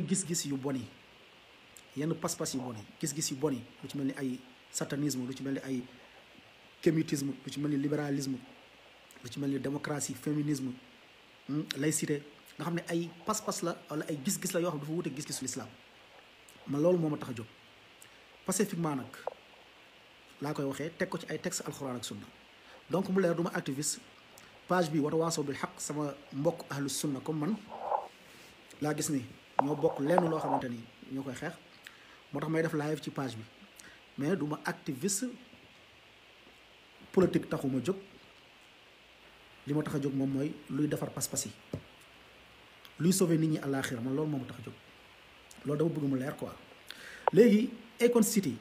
gis-gis yu bon yi yenn pas-pas yu bon gis-gis yu bon yi lu ci mel ni ay satanisme lu ci mel ni ay kémitisme lu ci mel ni libéralisme lu ci mel ni démocratie féminisme hmm, laïcité nga xam ne ay pas-pas la wala ay gis-gis la yoo xam dafa wute gis-gisu lislaam ma loolu moom ma tax a jóg pacifiquement nag laa koy waxee teg ko ci ay text alxuraan ak sunna donc mu leer du ma activiste page bi Watawasaw bil Haq sama mbokk ahlu sunna comme man laa gis ni ñoo bokk lenn loo xamante ni ñoo koy xeex moo tax may def live ci page bi mais du ma activiste politique taxuma jóg li ma tax a jóg moom mooy luy defar pas-pas yi luy sauver nit ñi àllaaxira man loolu moo ma tax a jóg loolu dama bëgg mu leer quoi léegi Akon City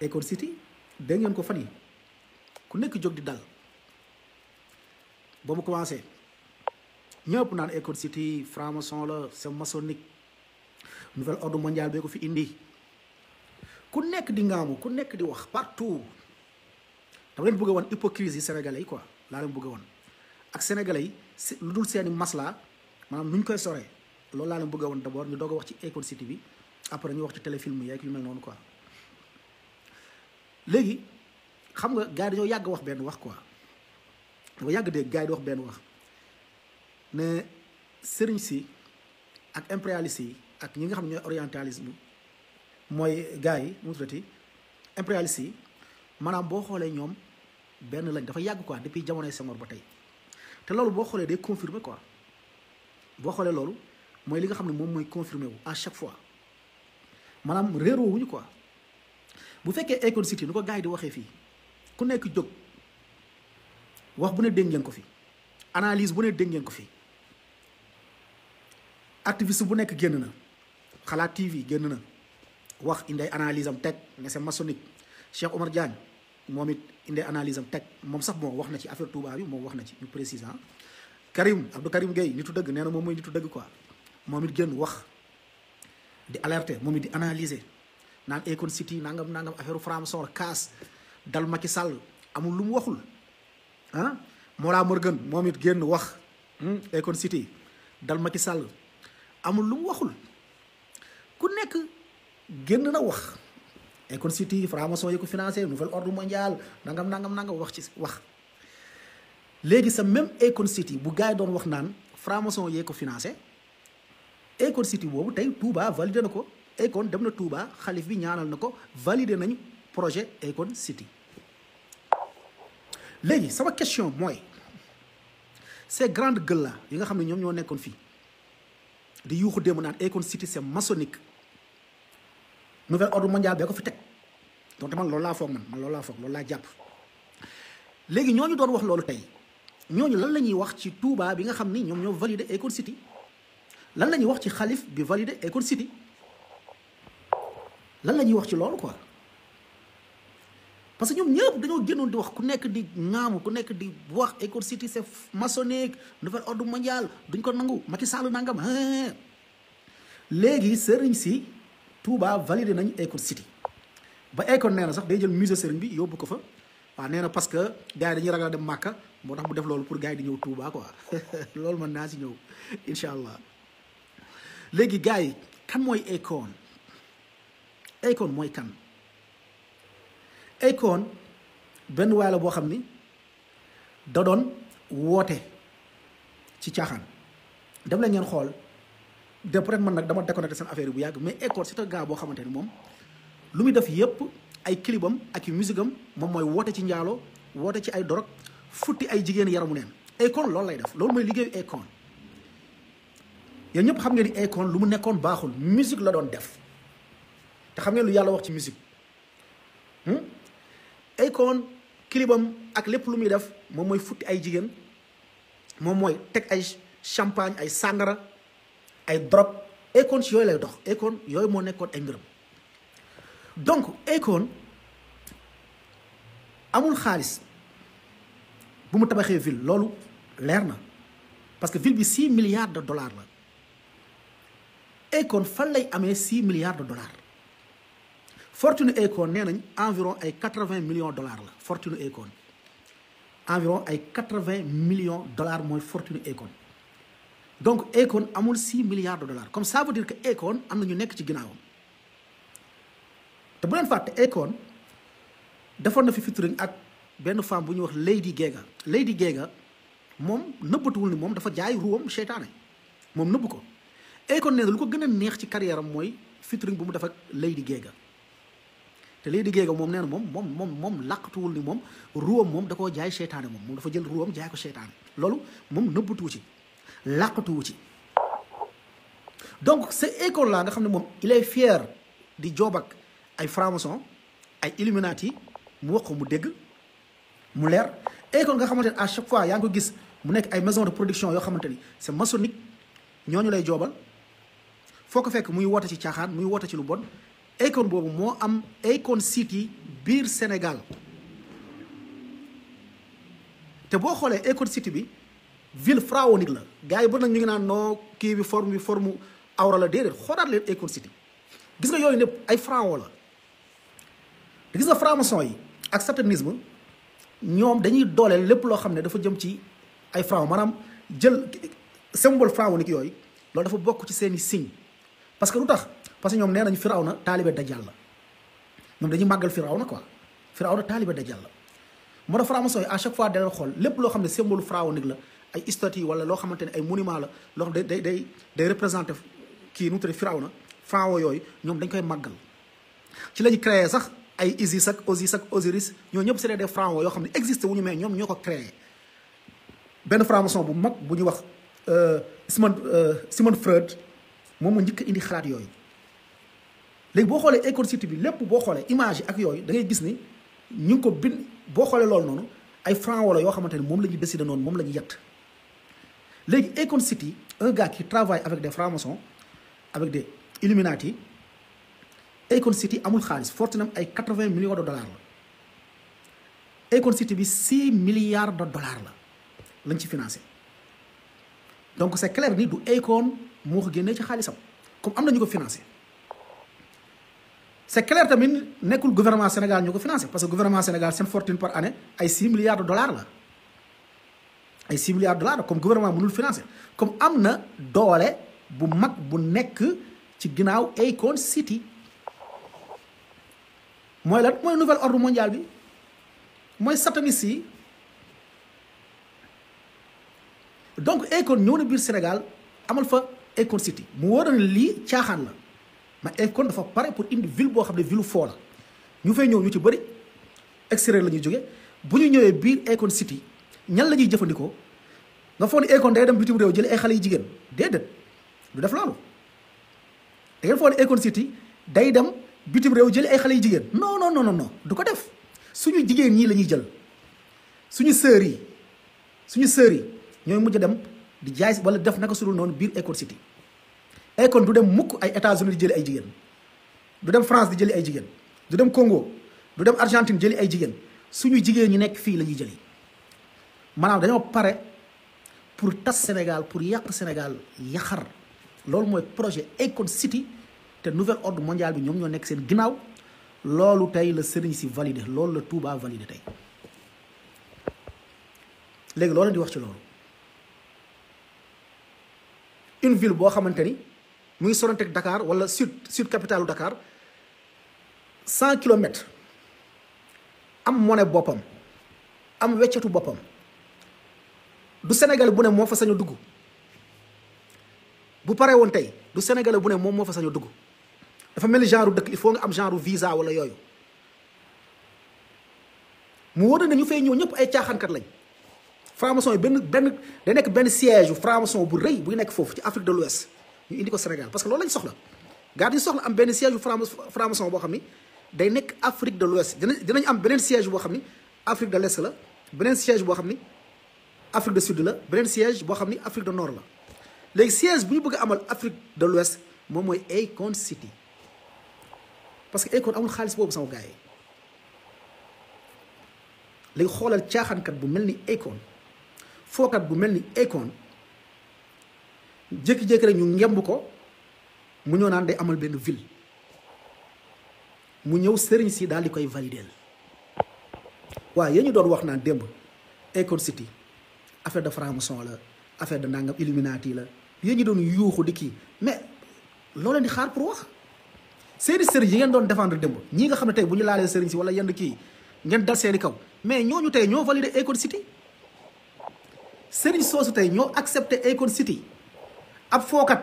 Akon City dégg ngeen ko fan yi ku nekk jóg di dal ba mu commencé. ñëpp naan Eco City franc-maçon la c'est maçonnique nouvel ordre mondial bee ko fi indi ku nekk di ngaamu ku nekk di wax partout dama leen bëgg woon hypocrisie sénégalais yi quoi laa leen woon ak sénégalais yi si lu dul seeni masla maanaam nu ñu koy sore loolu laa leen bëgg woon d'abord ñu doog a wax ci Eco City bi après ñu wax ci téléfilm yeeg yu mel noonu quoi léegi xam nga gars yi dañoo yàgg wax benn wax quoi dafa yàgg dégg gars yi di wax benn wax ne sëriñ si ak impérialiste yi ak ñi nga xam ne ñooy orientalisme mooy gars yi mu tuddati yi maanaam boo xoolee ñoom benn lañ dafa yàgg quoi depuis jamonoy Senghor ba tey te loolu boo xoolee day confirmer quoi boo xoolee loolu mooy li nga xam ne moom mooy confirmer wu à chaque fois maanaam réeroo wuñu quoi bu fekkee Akon City ni ko gars yi di waxee fii ku nekk jóg wax bu ne dégg ngeen ko fi analyse bu ne dégg ngeen ko fi. activiste bu nekk génn na xalaat TV génn na wax indi ay analyse am teg ne c'est maçonnique Cheikh Omar Diagne moom it indi analyse am teg moom sax moo wax na ci affaire Touba bi moom wax na ci ñu précise ah. Karim Abdou Karim Gueye nitu dëgg nee na moom mooy nitu dëgg quoi moom it génn wax di alerte moom it di analyser naan Akon City nangam nangam affaire franc-maçon kaas dal Macky Sall amul lu mu waxul ah Mollah Morgun moom it génn wax hmm, Akon City dal Macky Sall amul lu mu waxul ku nekk génn na wax Écosse-City franc-maçon yi ko financé nouvel ordre mondial nangam nangam nangam wax ci wax léegi sa même Écosse-City bu gars doon wax naan franc-maçon yee ko financé Écosse-City boobu tey Touba validé na ko Akon dem na Touba xalif bi ñaanal na ko validé nañu projet Akon-City léegi sama question mooy ces grande gueules la yi nga xam ne ñoom ñoo nekkoon fii di yuuxu démb naan Akon City c'est maçonnique nouvel ordre mondial bee ko fi teg donc man loolu laa foog man loolu laa foog loolu laa jàpp. léegi ñu doon wax loolu tey ñooñu lan la ñuy wax ci Touba bi nga xam ni ñoom ñoo validé Akon City lan la ñuy wax ci xalif bi validé Akon City lan la ñuy wax ci loolu quoi. parce que ñoom ñëpp dañoo génnoon di wax ku nekk di ŋaamu ku nekk di wax Akon City c'est maçonnique nouvel ordre mondial duñ ko nangu Macky Sall nangam léegi sëriñ si Touba validé nañ Akon City ba Akon nee sax day jël musée sëriñ bi yóbbu ko fa waa nee na parce que gars yi dañuy ragal dem Màkka moo tax mu def loolu pour gars di ñëw Touba quoi loolu mën naa si ñëw incha allah léegi gars yi kan mooy Akon Akon mooy kan. Akon benn waay la boo xam ni da doon woote ci caaxaan dem la ngeen xool de peut man nag dama déconnecté seen affaire yi bu yàgg mais Akon c'est un gaa boo xamante ni moom lu muy def yépp ay clipam ak yu musique moom mooy woote ci njaalo woote ci ay dorog futti ay jigéen yaramu neen Akon loolu lay def loolu mooy liggéeyu Akon yéen ñëpp xam ngeen ni Akon lu mu nekkoon baaxul musique la doon def te xam ngeen lu yàlla wax ci musique hmm? Akon kilibam ak lépp lu muy def moom mooy futti ay jigéen moom mooy teg ay champagne ay sàngara ay drop Akon si yooyu lay dox Akon yooyu moo nekkoon ay mbiram donc Akon amul xaalis bu mu tabaxee ville loolu leer na parce que ville bi six milliards de dollars la Akon fan lay amee six milliards de dollars Fortune Econ nee nañ environ ay quatre-vingts millions dollars la Fortune Econ environ ay quatre-vingts millions dollars mooy Fortune Econ donc Econ amul six milliards de dollars comme ça veut dire que Econ am na ñu nekk ci ginnaawam te bu leen fàtte Econ defoon na fi featuring ak benn femme bu ñuy wax Lady Gaga Lady Gaga moom nëbbatuwul ni moom dafa jaay ruwam seytaane moom nëbb ko Akon nee na lu ko gën neex ci carrière am mooy featuring bu mu def ak Lady Gaga te lay di géega moom nee na moom moom moom moom làqatuwul ni moom ruwam moom da koo jaay seytaane moom moom dafa jël ruwam jaay ko seytaane loolu moom nëbbatuwu ci làqatuwu ci donc cette école laa nga xam ne moom il est di joob ay framason maçon ay illuminati mu wax ko mu dégg mu leer école nga xamante ne à chaque fois yaa ngi ko gis mu nekk ay maison de production yoo xamante ni c'est ñoo ñu lay joobal foo ko fekk muy woote ci caaxaan muy woote ci lu bon Akon boobu moo am Akon City biir Sénégal te boo xoolee Akon City bi ville pharaonique la gars yi ba nag ñu ngi naan noo kii bi forme bi forme awra la déedéet xoolaat leen Akon City gis nga yooyu népp ay pharaon la te gis nga franc-maçon yi ak satanisme ñoom dañuy dooleel lépp loo xam ne dafa jëm ci ay pharaon maanaam jël symbole pharaonique yooyu loolu dafa bokk ci seeni signe parce lu tax parce que ñoom nee nañ Firawna taalibe Dajjal la ñoom dañuy màggal Firawna quoi Firawna taalibe Dajjal la moo tax franc-maçon yi à chaque fois dana xool lépp loo xam ne symbole pharaonique la ay statue wala loo xamante ne ay monument la loo xam day day day day représenté kii nu mu tudd Firawna franc yooyu ñoom dañ koy màggal ci la ñu créé sax ay Isis ak Osis ak Osiris ñoo ñëpp c'est des franc yoo xam ne existé wu ñu mais ñoom ñoo ko créé benn franc-maçon bu mag bu ñuy wax Sigmund euh, Sigmund euh, Freud moom mu njëkk indi xalaat yooyu léegi boo xoolee Akon City bi lépp boo xoolee image ak yooyu da ngay gis ni ñu ngi ko bind boo xoolee loolu noonu ay franc wala yoo xamante ni moom la ñu décidé noonu moom la ñu yett léegi Akon City un gars qui travaille avec des francs-maçons avec des Illuminati Akon City amul xaalis fortune am ay quatre-vingts millions de dollars la Akon City bi six de dollars la lañ ci financé donc c'est clair ni du Akon moo ko génnee ci xaalisam comme am na ñu ko financé. c'est clair tamit nekkul gouvernement Sénégal ñoo ko financé parce que gouvernement Sénégal seen fortune par année ay 6 milliards de la ay 6 milliards de dollars comme gouvernement mënul financé comme am na doole bu mag bu nekk ci ginnaaw Akon City mooy lan mooy nouvel ordre mondial bi mooy satanis yi donc Akon ñëw na biir Sénégal amal fa Akon City mu wóor lii caaxaan la ma kon dafa pare pour indi ville boo xam ne ville foola ñu fay ñëw ñu ci bëri extérieur la ñuy jóge bu ñu ñëwee biir Akon City ñan la ñuy jëfandikoo nga foog ne Akon day dem bitim réew jël ay xale yu jigéen déedéet du def loolu da ngeen foog ne day dem bitim réew jël ay xale yu jigéen non non no non du ko def suñu jigéen ñii la ñuy jël suñu sœurs yi suñu sœurs yi ñooy mujj dem di jaay wala def naka su dul noonu biir Akon City ay du dem mukk ay États-Unis di jëli ay jigéen du dem France di jëli ay jigéen du dem Congo du dem Argentine jëli ay jigéen suñu jigéen ñi nekk fii la ñuy jëli maanaam dañoo pare pour tas Sénégal pour yàq Sénégal yaxar loolu mooy projet Akon City te nouvelle ordre mondial bi ñoom ñoo nekk seen ginnaaw loolu tey la sëriñ si valide loolu la Touba validé tey léegi loolu di wax ci loolu une ville boo xamante ni. mu ngi soranteeg Dakar wala sud sud capital Dakar cent kilomètres am monnaie boppam am weccatu boppam du Sénégal bu ne moo fa sañu dugg bu paree woon tey du Sénégal bu ne moom moo fa sañu dugg dafa mel ni genre dëkk il faut nga am genre visa wala yooyu mu wóor na ñu fay ñëw ñëpp ay caaxaankat lañ franc-maçon yi benn benn da nekk benn siège franc-maçon bu rëy buy nekk foofu ci Afrique de l'Ouest ñu indi ko Sénégal parce que loolu lañ soxla gaa dañu soxla am benn siège bu franc-maçon boo xam ni day nekk Afrique de l'Ouest dinañ am beneen siège boo xam ni Afrique de l'Est la beneen siège boo xam ni Afrique de Sud la beneen siège boo xam ni Afrique de Nord la léegi siège bu ñu bëgg amal Afrique de l'Ouest moom mooy Akon City parce que Akon amul xaalis boobu sama gars léegi xoolal caaxaankat bu mel ni Akon fookat bu mel ni Akon jékki-jékki rek ñu ngemb ko mu ñëw naan day amal benn ville mu ñëw sëriñ si daal di koy valideel waaye yéen ñu doon wax naan démb Akon City affaire de franc-maçon la affaire de nangam Illuminati la yéen ñu doon yuuxu di kii mais loo leen di xaar pour wax seeni sëriñ yi ngeen doon défendre démb ñii nga xam ne tey bu ñu laalee sëriñ si wala yenn kii ngeen dal seeni kaw mais ñooñu tey ñoo validé Akon City sëriñ soosu tey ñoo accepté Akon City ab fookat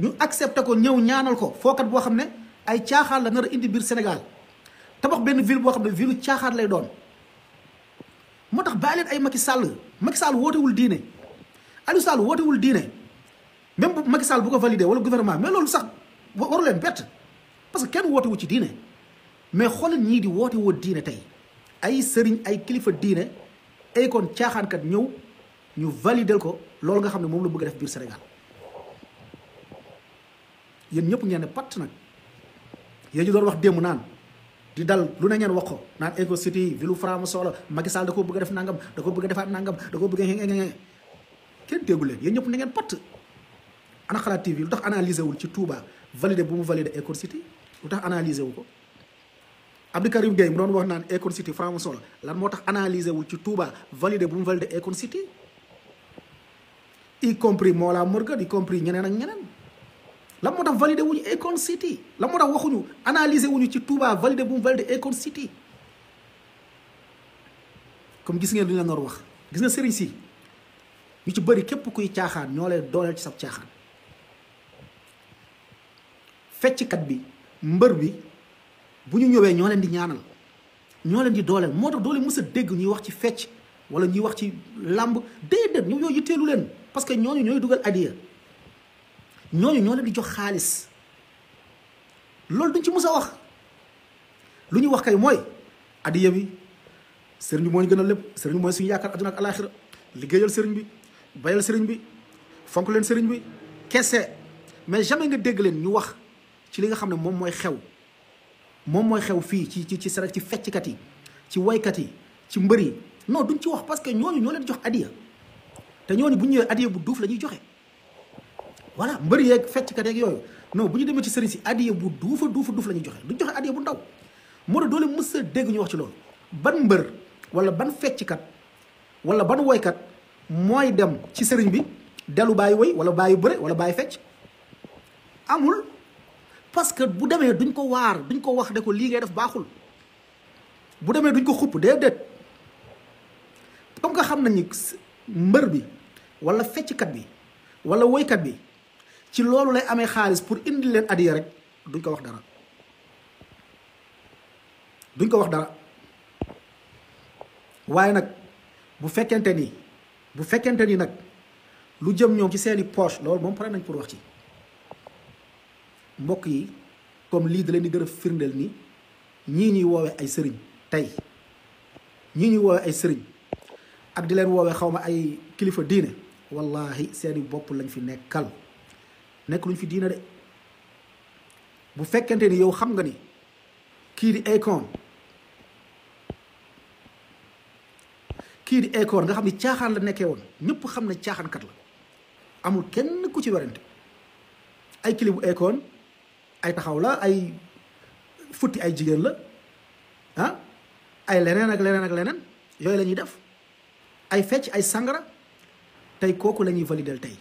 ñu accepté ko ñëw ñaanal ko fookat boo xam ne ay caaxaan la nar a indi biir Sénégal tabax benn ville boo xam ne ville caaxaar lay doon moo tax bàyyi leen ay Macky sàll Macky Sall wootewul diine Aliou Sall wootewul diine même bu Macky Sall bu ko validé wala gouvernement mais sax waru leen bett parce que kenn wootewu ci diine mais xoolal ñii di woote woo diine tey ay sëriñ ay kilifa diine ay kon caaxaankat ñëw ñu validel ko loolu nga xam ne moom la bëgg a def biir Sénégal. yéen ñëpp ngeen ne patt nag yéen ñu doon wax démb naan di dal lu ne ngeen wax ko naan Eco City ville franc-maçon la Macky da koo bëgg a def nangam da ko bëgg a defaat nangam da koo bëgg a kenn déggu leen ñëpp ne ngeen patt ana xalaat TV lu tax analyser wul ci tuubaa validé bu mu validé Eco City lu tax analyser wu ko Abdou Karim Gueye mu doon wax naan Akon City franc-maçon la lan moo tax analyser wul ci Touba validé bu mu validé Akon City y compris Mollah Morgun y compris ñeneen ak ñeneen la moo tax validé wuñu Akon City la moo tax waxuñu wu ñu ci Touba validé bu mu validé Akon City comme gis ngeen lu ñu la noor wax gis nga sëriñ si ñu ci bëri képp kuy caaxaan ñoo lay dooleel ci sab caaxaan fecckat bi mbër bi bu ñu ñëwee ñoo leen di ñaanal ñoo leen di dooleel moo tax doole mës a dégg ñuy wax ci fecc wala ñuy wax ci làmb déedéet ñoom yooyu yitteelu leen parce que ñooñu ñooy dugal adiya ñooñu ñoo leen di jox xaalis loolu duñ ci mus wax lu ñuy wax kay mooy adiya bi sëriñ bi moo gën a lépp sëriñ bi mooy suñ yaakaar adduna ak alaaxira liggéeyal sëriñ bi bayal sëriñ bi fonk leen sëriñ bi kese mais jamais nga dégg leen ñu wax ci li nga xam ne moom mooy xew moom mooy xew fii ci ci ci sara ci fecckat yi ci waykat yi ci mbër yi non duñ ci wax parce que ñooñu ñoo leen jox adiya te ñooñu bu ñu ñëwee adiya bu duuf la ñuy joxe. voilà mbëri yeeg fecckat yeeg yooyu non bu ñu demee ci sëriñ si adiya bu duufa duufa duuf la ñuy joxe duñ joxe adiya bu ndaw moo tax doole mës dégg ñu wax ci loolu ban mbër wala ban fecckat wala ban woykat mooy dem ci sëriñ bi dellu bàyyi woy wala bàyyi bëre wala bàyyi fecc amul parce que bu demee duñ ko waar duñ ko wax de ko lii ngay def baaxul bu demee duñ ko xupp déedéet comme que xam nañu mbër bi wala fecckat bi wala woykat bi ci loolu lay amee xaalis pour indi leen adiya rek duñ ko wax dara duñ ko wax dara waaye nag bu fekkente ni bu fekkente ni nag lu jëm ñoom ci seeni poche loolu moom pare nañ pour wax ci mbokk yi comme lii da leen di gën a firndeel nii ñii ñuy woowee ay sëriñ tey ñii ñuy woowee ay sëriñ ak di leen woowee xaw ma ay kilifa diine wallahi seeni bopp lañ fi nekkal. nekk luñ fi diina de bu fekkente ni yow xam nga ni kii di Akon kii di Akon nga xam ni caaxaan la nekkee woon ñépp xam na caaxaankat la amul kenn ku ci werante ay kilibu bu ay taxaw la ay futti ay jigéen la ah, ay leneen ak leneen ak leneen yooyu lañuy def ay fecc ay sangara tey kooku la ñuy validel tey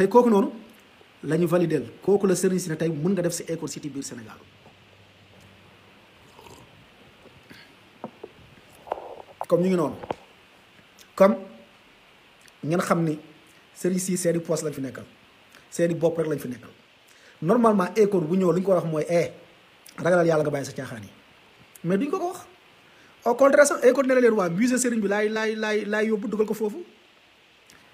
tey kooku noonu la ñu validel kooku la sëriñ si ne tey mën nga def si école cité biir Sénégal comme ñu ngi noonu comme ngeen xam ni sëriñ si seeni poste lañ fi nekkal seeni bopp rek lañ fi nekkal normalement école bu ñëw li ñu ko wax mooy eh ragalal yàlla nga bàyyi sa caaxaan yi mais duñ ko ko wax au contraire sax école ne waa musée sëriñ bi laay laay laay laay yóbbu dugal ko foofu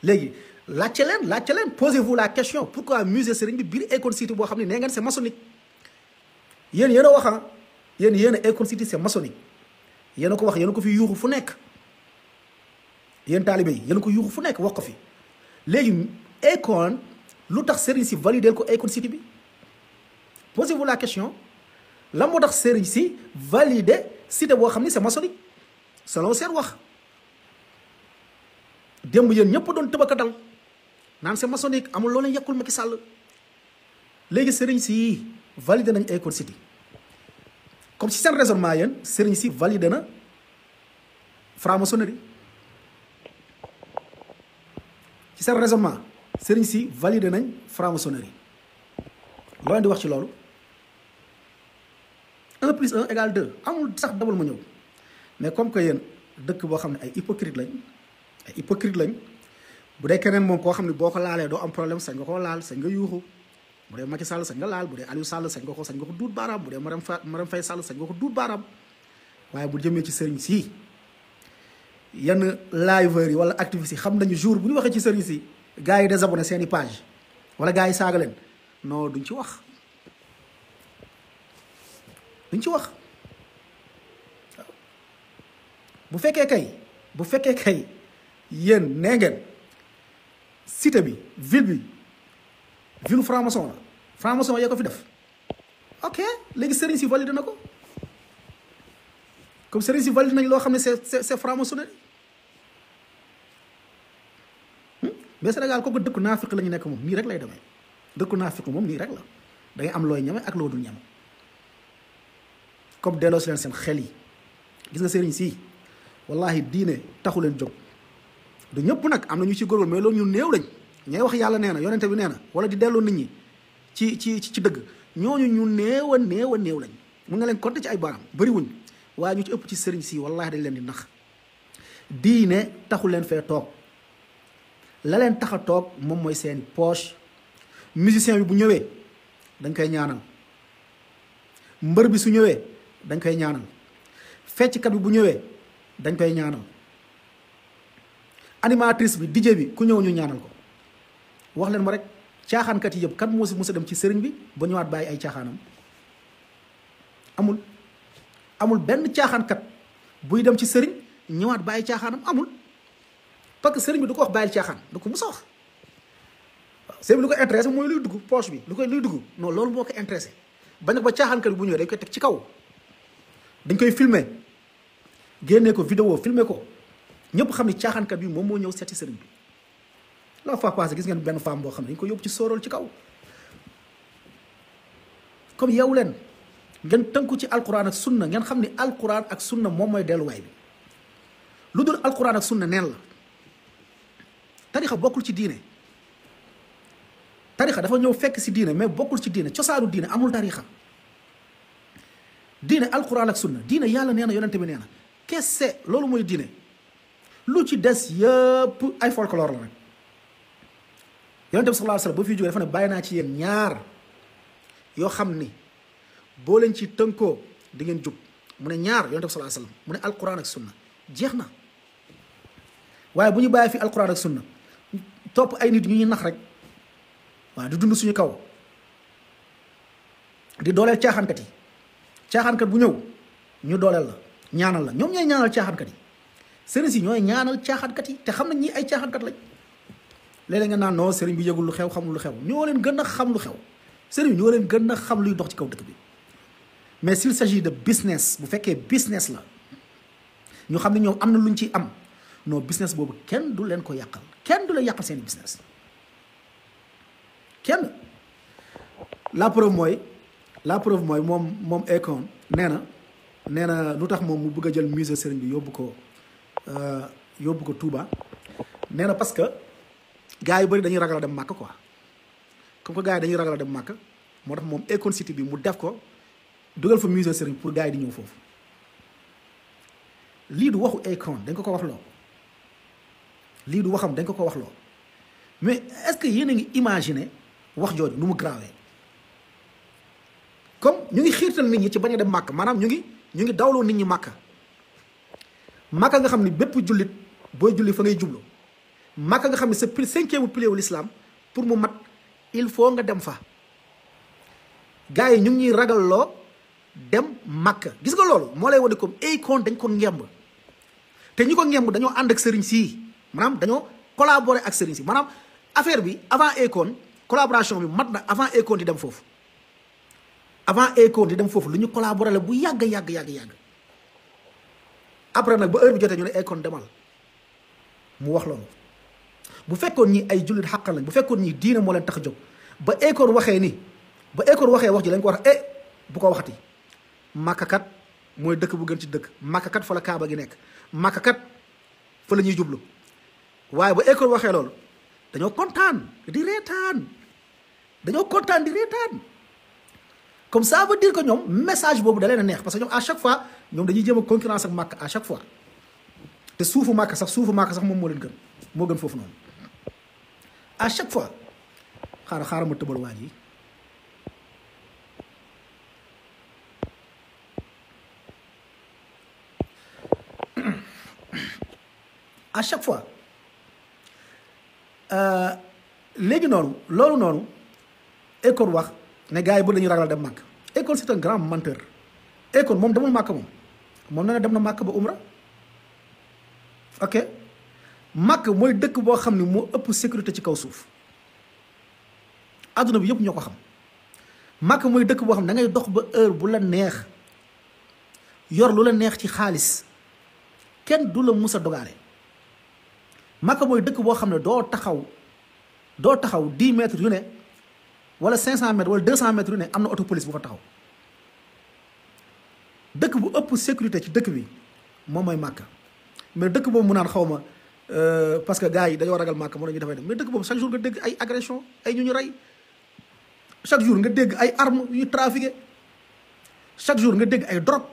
léegi laajte leen laajte leen posez vous la question pourquoi musée Serigne bi biir Akon City boo xam ne nee ngeen c'est maçonnique yéen yéen wax ah yéen yéen a Akon City c'est maçonnique yéen a ko wax yéen ko fi yuuxu fu nekk yéen taalibe yi yéen ko yuuxu fu nekk wax ko fi léegi Akon lu tax Serigne si validé ko Akon City bi posez vous la question lan moo tax Serigne si validé cité boo xam ne c'est maçonnique selon seen wax démb yéen ñëpp doon tëbaka dal naan c'est maçonnique amul loo leen yekkul Macky Sall léegi sëriñ si validé nañ Akon City comme si seen raisonnement yéen sëriñ si validé na franc ci seen raisonnement sëriñ si validé nañ franc-maçonnerie di wax ci loolu un plus un égale deux amul sax dabal ma ñëw mais comme que yéen dëkk boo xam ne ay hypocrite lañ ay hypocrite lañ bu dee keneen moom koo xam ne boo ko laalee doo am problème sañ nga koo laal sañ nga yuuxu bu dee Macky Sall sañ nga laal bu dee Aliou Sall sañ nga ko sañ nga ko duut baaraam bu dee Marème Faye Marème sañ nga ko duut baaraam waaye bu jëmee ci sëriñ si yenn liveurs yi wala activistes yi xam nañu jour bu ñu waxee ci sëriñ si gars yi désabonné seen seeni page wala gaa yi saaga leen non duñ ci wax duñ ci wax bu fekkee kay bu fekkee kay yéen nee cité bi ville bi ville franc-maçon la franc-maçon ko fi def ok léegi sëriñ si valide na ko comme sëriñ si valide nañ loo xam ne c'est c'est franc-maçonnerie hmm? mais Sénégal kooku dëkku naafiq la ñu nekk moom nii rek lay demee dëkku naafiq moom nii rek la da am looy ñeme ak loo dul ñeme comme delloo si leen seen xel yi gis nga sëriñ si wallahi diine taxuleen leen jóg. du ñëpp nag am na ñu ci góorgóorlu mais loolu ñu néew lañ ñay wax yàlla nee na yonente bi nee na wala di delloo nit ñi ci ci ci dëgg ñooñu ñu néew a néew a néew lañ mu ngi leen compter ci ay baaraam bëriwuñ waaye ñu ci ëpp ci sëriñ si wallahi dañ leen di nax diine taxu leen fee toog la tax a toog moom mooy seen poche musicien bi bu ñëwee dañ koy ñaanal mbër bi su ñëwee dañ koy ñaanal fecckat bi bu ñëwee dañ koy ñaanal animatrice bi DJ bi ku ñëw ñu ñaanal ko wax leen ma rek caaxaankat yi yëpp kan moo si mos a dem ci sëriñ bi ba ñëwaat bàyyi ay caaxaanam amul amul benn caaxaankat buy dem ci sëriñ ñëwaat bàyyi caaxaanam amul parce que sëriñ bi du ko wax bàyyil caaxaan du ko mos a wax waaw bi lu ko intéressé mooy luy dugg poche bi lu koy luy dugg non loolu moo ko intéressé ba nag ba caaxaankat bu ñëwee dañ koy teg ci kaw dañ koy filmer génnee ko vidéo filmer ko. ñépp xam ne caaxaankat bi moom moo ñëw seeti sëriñ bi la fois passée gis ngeen benn femme boo xam ne dañ ko yóbbu ci sóoróol ci kaw comme yow leen ngeen tënku ci alquran ak sunna ngeen xam ni alquran ak moom mooy delluwaay lu dul alquran ak sunna neen la tarixa bokkul ci diine tarixa dafa ñëw fekk ci diine mais bokkul ci diine cosaanu diine amul tarixa diine alquran ak sunna diine yàlla nee na yonente bi nee na kese loolu mooy diine lu ci des yëpp ay folklore la nag yonent bi sallallahu alayhi wasallam ba fi jógee dafa ne bàyyi naa ci yéen ñaar yoo xam ni boo ci tënkoo di ngeen jub mu ne ñaar yonent bi sallallahu alayhi wasallam mu ne alquran ak sunna jeex na waaye bu ñu bàyyi fi alquran ak sunna topp ay nit ñu ñuy nax rek waaw di dund suñu kaw di dooleel caaxaankat yi caaxaankat bu ñëw ñu dooleel la ñaanal la ñoom ñooy ñaanal caaxaankat yi sëriñ si ñooy ñaanal caaxaankat yi te xam na ñii ay caaxaankat lañ léeg-léeg nga naan non sëriñ bi yëgul lu xew xamul lu xew ñoo leen gën a xam lu xew sëriñ bi ñoo leen gën a xam luy dox ci kaw dëkk bi mais s'il s'agit de business bu fekkee business la ñu xam ne ñoom am na luñ ci am noo business boobu kenn du leen ko yàqal kenn du leen yàqal seen business kenn la preuve mooy la preuve mooy moom moom Akon nee na nee na lu tax moom mu bëgg a jël musée sëriñ bi yóbbu ko. Euh, yóbbu ko Touba nee na parce que gars yu bëri dañuy ragal a dem màkk quoi comme que gars yi dañuy ragal a dem màkk moo tax moom Akon City bi mu def ko dugal fa musée Serigne pour gars yi di ñëw foofu lii du waxu Akon dañ ko ko wax loo lii du waxam dañ ko ko wax loo mais est-ce que yéen a ngi imaginer wax jooju nu mu grawee comme ñu ngi xiirtal nit ñi ci bañ a dem màkk maanaam ñu ngi ñu ngi dawloo nit ñi màkk. maka nga xam ne bépp jullit booy julli fa ngay jublu maka nga xam ne sa cinquième pilier wu l'islam pour mu mat il faut nga dem fa gars yi ñu ngi ñuy ragalloo dem màkk gis nga loolu moo lay wane comme ay eh, kon dañ ko ngemb te ñi ko ngemb dañoo ànd ak sëriñ sii maanaam dañoo collaborer ak sëriñ si maanaam affaire bi avant Akon collaboration bi mat na avant Akon di dem foofu avant Akon di dem foofu lu ñu collaborer la bu yàgg yàgg yàgg yàgg après nag ba heure bi jotee ñu ne ay eh, kon demal mu wax loolu bu fekkoon ñi ay jullit xàqal lañ bu fekkoon ñi diina moo leen tax a jóg ba Akon waxee ni ba Akon waxee wax ji lañ ko wax eh bu ko waxati màkkakat mooy dëkk bu ci dëkk màkkakat fa la gi nekk màkkakat fa la ñuy jublu waaye ba waxee loolu dañoo kontaan di reetaan dañoo kontaan di reetaan comme ça veut dire que ñoom message boobu da leen a neex parce que ñoom à chaque fois ñoom dañuy jéem a concurrence ak màkk à chaque fois te suufu màkk sax suufu makk sax moom moo leen gën moo gën foofu noonu à chaque fois xaaral ma tëbal waa à chaque fois euh, léegi noonu loolu noonu école wax ne gars yi bu dañuy ragal dem màkk Akon c'est un grand menteur Akon moom demul màkk moom moom nee na dem na màkk ba umra ok màkk mooy dëkk boo xam ne moo ëpp sécurité ci kaw suuf àdduna bi yëpp ñoo ko xam màkk mooy dëkk boo xam ne dangay dox ba heure bu la neex yor lu la neex ci xaalis kenn du la musa a dogaale màkk mooy dëkk boo xam ne doo taxaw doo taxaw dix mètres yu ne wala 500 mètres wala 200 mètres yu ne am na auto police bu fa taxaw dëkk bu ëpp sécurité ci dëkk bi moom mooy Màkka mais dëkk boobu mu naan xaw ma euh, parce que gars yi dañoo ragal Màkka moo la ñu dafay dem mais dëkk boobu chaque jour nga dégg ay agression ay ñu ñu rey chaque jour nga dégg ay armes yu trafiqué chaque jour nga dégg ay drogue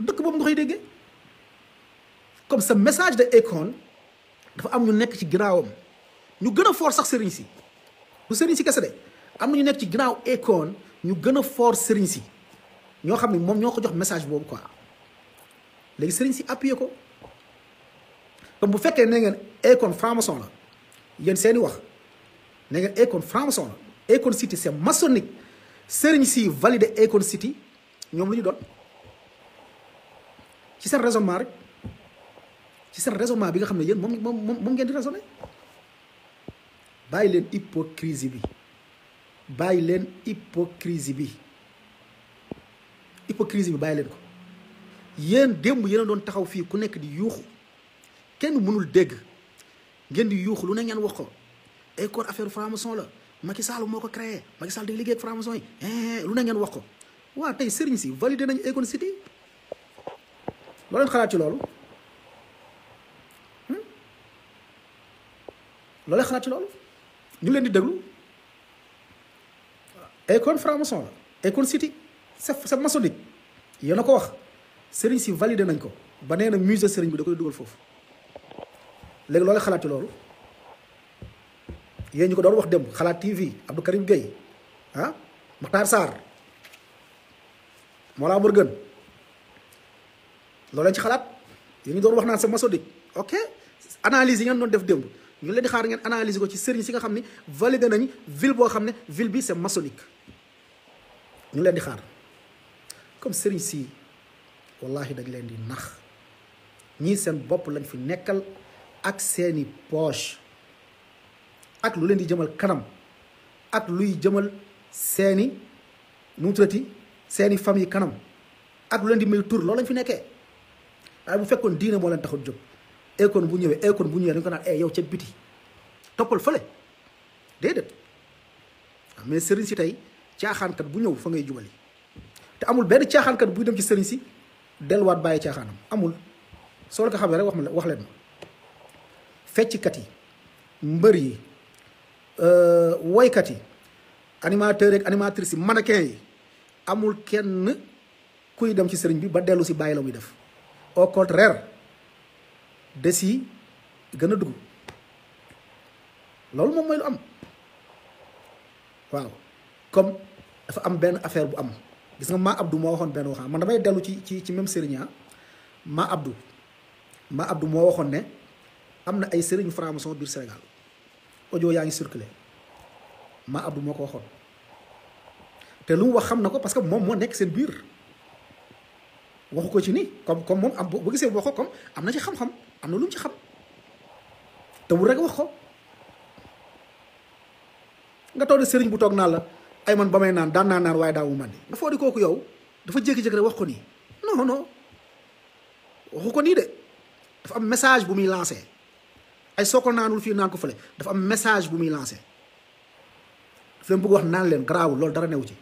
dëkk boobu nga koy déggee comme sa message de Akon dafa am ñu nekk ci ginnaawam ñu gën a fort sax sëriñ si. lu sëriñ si kese de am na ñu nekk ci ginnaaw Akon ñu gën a fort sëriñ si ñoo xam ne moom ñoo ko jox message boobu quoi léegi sëriñ si appuyé ko bu fekkee ne ngeen Akon franc la yéen seeni wax ne ngeen Akon franc-maçon la Akon City c'est maçonnique sëriñ si validé Akon City ñoom lu ñu doon ci seen raisonnement rek ci seen raisonnement bi nga xam ne yéen moom moom moom ngeen di raisonné bàyyi leen hypocrisie bi bàyyi leen hypocrisie bi hypocrisie bi bàyyi leen ko yéen démb yéen doon taxaw fii ku nekk di yuuxu kenn mënul dégg ngeen di yuuxu lu ne ngeen wax ko ay eh, affaire franc son la ma ki Sall moo ko créé Macky Sall day liggéey ak franc-maçon yi eh, lu ne ngeen wax ko waa tey sëriñ si validé nañu Akon City loo loolu loo leen xalaat ci loolu hmm? ñu leen di déglu ay kon franc-maçon la ay kon siti c'est c'est maçonnique yéen a ko wax sëriñ si validé nañ ko ba nee na musée sëriñ bi da koy dugal foofu léegi loolu xalaat ci loolu yéen ñu ko doon wax démb xalaat TV Abdou Karim Gueye ah Makhtar Sarr Mollah Morgun loolu lañ ci xalaat yéen doon wax naa c'est maçonnique ok analyse yi ngeen doon def démb ñu leen di xaar ngeen analyse ko ci sëriñ si nga xam ne validé nañ ville boo xam ne ville bi c'est maçonnique ñu leen di xaar comme sëriñ si wallahi dañ leen di nax ñii seen bopp lañ fi nekkal ak seeni poche ak lu leen di jëmal kanam ak luy jëmal seeni nutrati seeni famille kanam ak lu leen di may tur loolu lañ fi nekkee waaye bu fekkoon diine moo leen taxul jóg Akon bu ñëwee Akon bu ñëwee dañ ko naan eh yow ca biti toppal fële déedéet ah, mais sëriñ si tey caaxaankat bu ñëw fa ngay jubal yi te amul benn caaxaankat buy dem ci sëriñ si delluwaat bàyyi caaxaanam amul soo ko xamee rek wax ma wax leen ma fecckat yi mbër yi euh, woykat yi animateurs ak animatrices yi mannequin yi amul kenn kuy dem ci sëriñ bi ba dellu si bàyyi la muy def au contraire des yi gën a dugg loolu moom mooy lu am waaw comme dafa am benn affaire bu am gis nga maa abdu moo waxoon benn waxaa man damay dellu ci ci ci même sëriñ ah. maa Abdou maa Abdou moo waxoon ne am na ay sëriñu franc-maçon biir Sénégal audio yaa ngi circulé maa Abdou moo ko waxoon te lu mu wax xam na ko parce que moom moo nekk seen biir waxu ko ci ni comme comme moom am bu gisee waxoo comme am na ci xam-xam. am na lu mu ci xam tawul rekk wax ko nga toog de sëriñ bu toog naa la ay man ba may naan daan naa naan waaye daawu man nga foo di kooku yow dafa jékki-jékki rek wax ko nii non non waxu ko nii de dafa am message bu muy lancé ay soo ko fii naan ko fële dafa am message bu muy lancé dafa wax naan leen garaawul loolu dara newu ci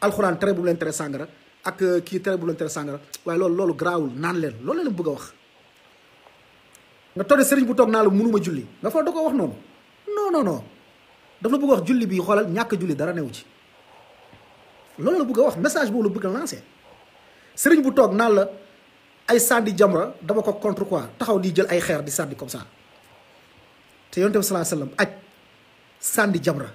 alxuraan tere bu leen tere sàngara ak kii tere bu leen tere sàngara waaye loolu loolu garaawul naan leen loolu leen a wax nga toog sëriñ bu toog naa la mënuma julli nga foog da ko wax noonu non noo non daf la bëgg wax julli bi xoolal ñàkk julli dara newu ci loolu la bëgg a wax message boobu la bëgg a lancer sëriñ bu toog naa la ay sànni jamra dama ko contre quoi taxaw di jël ay xeer di sànni comme ça te yonent bi sallallahu alayhi sànni jamra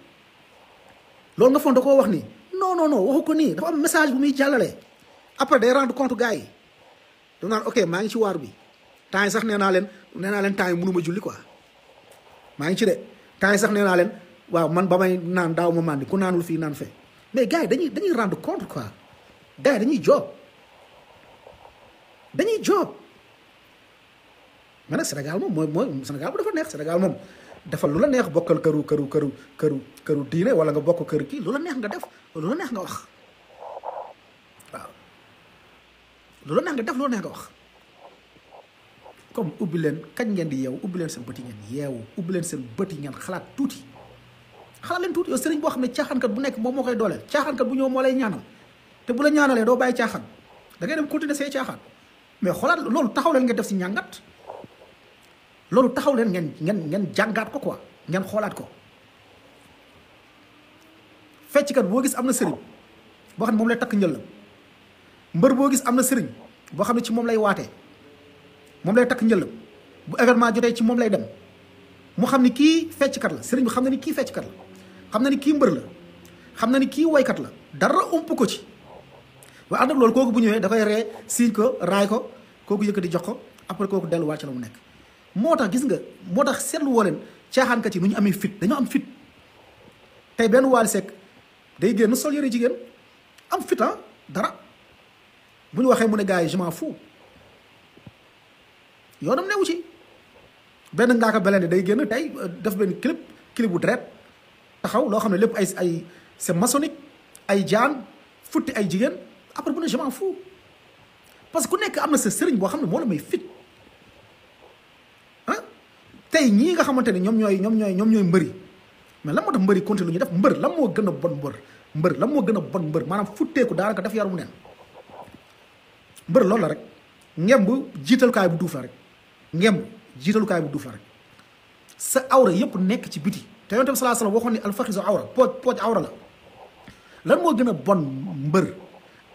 loolu nga foog da koo wax nii non non non waxu ko nii dafa am message bu muy jàllale après day rendre compte gars yi da naan ok maa ngi ci waar bi. temps sax nee naa leen nee leen temps yi mënu ma julli quoi maa ngi ci de temps sax nee naa leen waaw man ba may naan daaw ma màndi ku naanul fii naan fee mais gars yi dañuy dañuy rendre compte quoi gars dañuy job dañuy job ma ne Sénégal moom mooy mooy Sénégal bu dafa neex Sénégal moom dafa lu la neex bokkal këru këru këru këru këru diine wala nga bokk kër kii lu la neex nga def lu neex nga wax waaw lu la neex nga def lu la neex nga wax comme ubbi leen kañ ngeen di yeewu ubbi leen seen bëti ngeen yeewu ubbi leen seen bëti xalaat tuuti xalaat leen tuuti yow sëriñ boo xam ne caaxaankat bu nekk moom moo koy dooleel caaxaankat bu ñëw moo lay ñaanal te bu la ñaanalee doo bàyyi caaxaan da ngay dem continuer say caaxaan mais xoolaat loolu taxaw leen ngeen si ñàngat loolu taxaw leen ngeen ngeen ngeen jàngaat ko quoi ngeen xoolaat ko fecckat boo gis am na sëriñ boo xam ne moom lay takk njël la mbër boo gis am na sëriñ boo xam ne ci moom lay waate moom lay takk njëllam bu événement jotee ci moom lay dem mu xam ni kii fecckat la sëriñ bi xam na ni kii fecckat la xam na ni kii mbër la xam na ni kii woykat la dara ump ko ci waaye ànd ak loolu kooku bu ñëwee dafay ree siiñ ko raay ko kooku yëkkati jox ko après kooku delluwaat ci la mu nekk moo tax gis nga moo tax seetlu woo leen caaxaankat yi nu ñu amee fit dañoo am fit tey benn Wally Seck day génn sol yëre jigéen am fit ah, dara bu ñu waxee mu ne gars yi je yoonam newu ci benn Ngaaka Blindé day génn tey euh, def benn clip clip bu deret taxaw loo xam ne lépp ay ay c'est maçonnique ay jaan futti ay jigéen après bu ne je m'en parce que ku nekk am na sa sëriñ boo xam ne moo la may fit ah tey ñii nga xamante ne ñoom ñooy ñoom ñooy ñoom ñooy mbëri mais lan moo tax mbëri continué lu ñu def mbër la moo gën a bon mbër mbër moo gën a bon mbër maanaam futteeku daanaka def yarumu neen mbër loolu la rek ngemb jiital kaay bu duuf la rek ngemb jiitalukaay bu duuf la rek sa awra yépp nekk ci biti te yonent bi salaa salaam waxoon ni alfaxisu awra pooj pooj awra la lan moo gën a bon mbër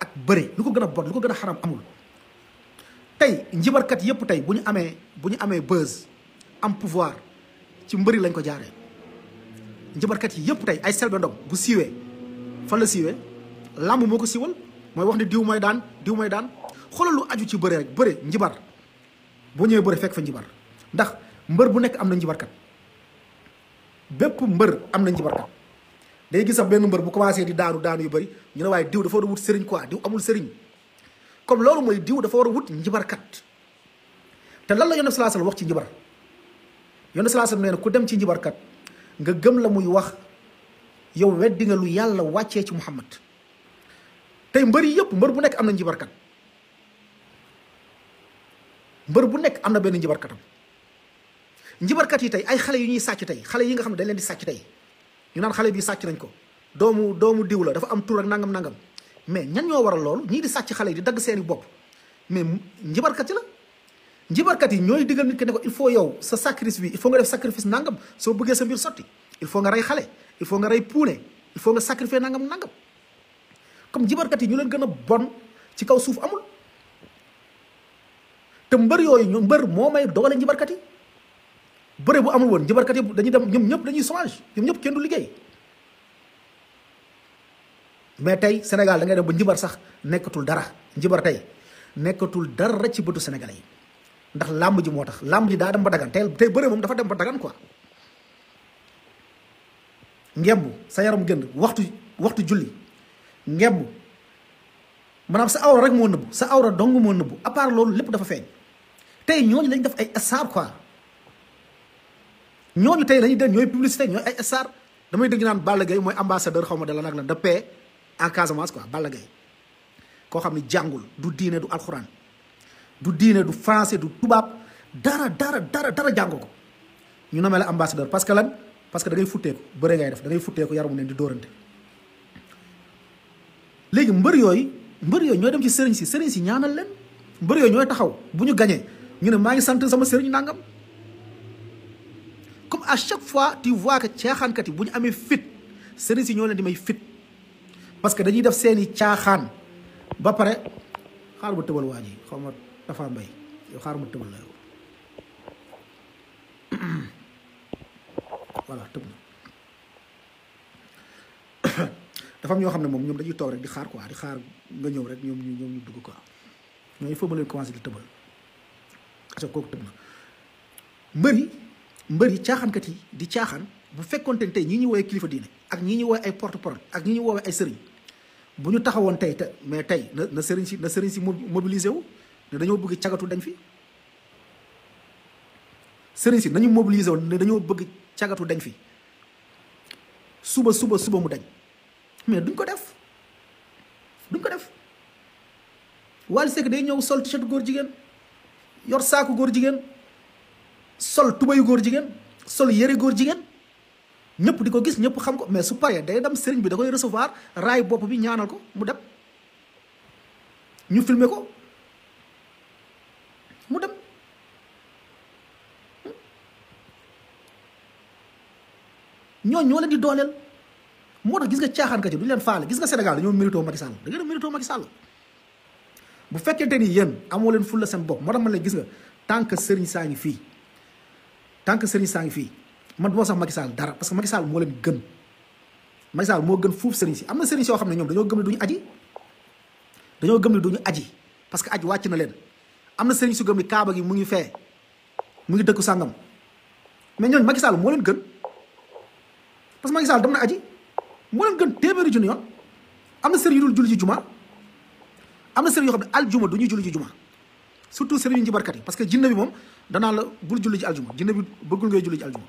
ak bëre lu ko gën a bon lu ko gën a xaram amul tey njibarkat yépp tey bu ñu amee bu ñu amee buzz am pouvoir ci mbëri lañ ko jaaree njibarkat yi yépp tey ay Selbé Ndom bu siiwee fan la siiwee làmb moo ko siiwal mooy wax ni diw mooy daan diw mooy daan xoolal lu aju ci bëre rek bëre boo ñëwee bëre fekk fa njibar ndax mbër bu nekk am na njibarkat bépp mbër am na njibarkat day gis sax benn mbër bu commencé di daanu daanu yu bëri ñu ne waaye diw dafa war a wut sëriñ quoi diw amul sëriñ comme loolu mooy diw dafa war a wut njibarkat te lan la yonent salaa wax ci njibar yonent salaa sallam nee na ku dem ci njibarkat nga gëm la muy wax yow weddi nga lu yàlla wàccee ci Muhammad tey mbër yi yëpp mbër bu nekk am na njibarkat mbër bu nekk am na benn njibarkatam njibarkat yi tey ay xale yu ñuy sàcc tey xale yi nga xam ne dañ leen di sàcc tey ñu naan xale bi sàcc nañ ko doomu doomu diw la dafa am tur ak nangam nangam mais ñan ñoo waral loolu ñii di sàcc xale yi di dagg seeni bopp mais njibarkat yi la njibarkat yi ñooy digal nit ki ne ko il faut yow sa sacrifice bi il faut nga def sacrifice nangam soo bëggee sa mbir sotti il faut nga rey xale il faut nga rey puune il faut nga nangam nangam comme njibarkat yi ñu leen gën a bon ci kaw suuf amul te mbër yooyu ñu mbër moo may doole njibarkat yi bëre bu amul woon njibarkat yi dañuy dem ñoom ñëpp dañuy chômage ñëpp kenn du liggéey mais tey Sénégal da ngay dem ba njibar sax nekkatul dara njibar tey nekkatul dara ci bëtu Sénégalais yi ndax làmb ji moo tax làmb ji daa dem ba dagan tey tey bëre moom dafa dem ba dagan quoi ngemb sa yaram gën waxtu waxtu julli ngemb maanaam sa awra rek moo nëbbu sa awra dong moo nëbbu à part loolu lépp dafa feeñ tey ñooñu lañ def ay star quoi ñooñu tey lañuy def ñooy publicité ñooy ay star damay dégg naan Balla Gaye mooy ambassadeur xaw ma de la nag la de paix en Casamance quoi koo xam ne jàngul du diine du alxuraan du diine du français du tubaab dara dara dara dara jàngu ko ñu nommé la ambassadeur parce que lan parce que da ngay futteeku bëre ngay def dangay ngay futteeku yaramu neen di dóorante léegi mbër yooyu mbër yooyu ñooy dem ci sëriñ si sëriñ si ñaanal leen mbër ñooy taxaw bu ñu gañee ñu ne maa ngi sant sama sëriñ nangam comme à chaque fois tu vois que caaxaankat yi bu ñu amee fit sëriñ si ñoo leen di may fit parce que dañuy def seeni caaxaan ba pare xaar ma tëbal waa ji xaw ma dafa mbay yow xaar ma tëbal la yow voilà tëb na ñoo xam ne moom ñoom dañuy toog rek di xaar quoi di xaar nga ñëw rek ñoom ñu ñoom ñu dugg quoi mais foofu faut ma leen commencer di tëbal. sa kooku tëb na mbër yi mbër yi yi di caaxaan bu fekkoon tey ñi ñu woowee kilifa diine ak ñi ñu woowee ay port port ak ñi ñu woowee ay sëriñ bu ñu taxawoon tey te mais tey na na sëriñ si na sëriñ si mobilisé wu ne dañoo bëgg cagatu dañ fi sëriñ si nañu mobilisé wu ne dañoo bëgg cagatu dañ fi suba suba suba mu dañ mais duñ ko def duñ ko def Wally Seck day ñëw sol t góor jigéen yor saaku góor jigéen sol tubayu góor jigéen sol yëre góor jigéen ñëpp di ko gis ñëpp xam ko mais su paree day dem sëriñ bi da koy recevoir raay bopp bi ñaanal ko mu dem ñu filmer ko mu dem ñoo ñoo leen di dooleel moo tax gis nga caaxaan ka ci duñu leen faale gis nga Sénégal dañoo mérito Macky Sall da ngeen a mérito Macky Sall bu fekkee ni yéen amoo leen fulla seen bopp moo tax ma la gis nga tant que sëriñ saa ngi fii tant que sëriñ saa ngi fii man du ma sax Macky dara parce que Macky Sall moo leen gën Macky Sall moo gën fuuf sëriñ si am na sëriñ si xam ne ñoom dañoo gëm ne duñu aji dañoo gëm ne duñu aji parce que aj wàcc na leen am na sëriñ su gëm ni kaaba gi mu ngi fee mu ngi dëkku sàngam mais ñooñu Macky Sall moo leen gën parce que Macky Sall dem na aji moo leen gën téeméeri junni yoon am na sëriñ yu dul julli ci am na sëriñ yoo xam ne aljuma du ñu julli ji juma surtout sëriñ yi barkat yi parce que jinne bi moom danaa la bul julli ji aljuma jinne bi bëggul ngay julli ji aljuma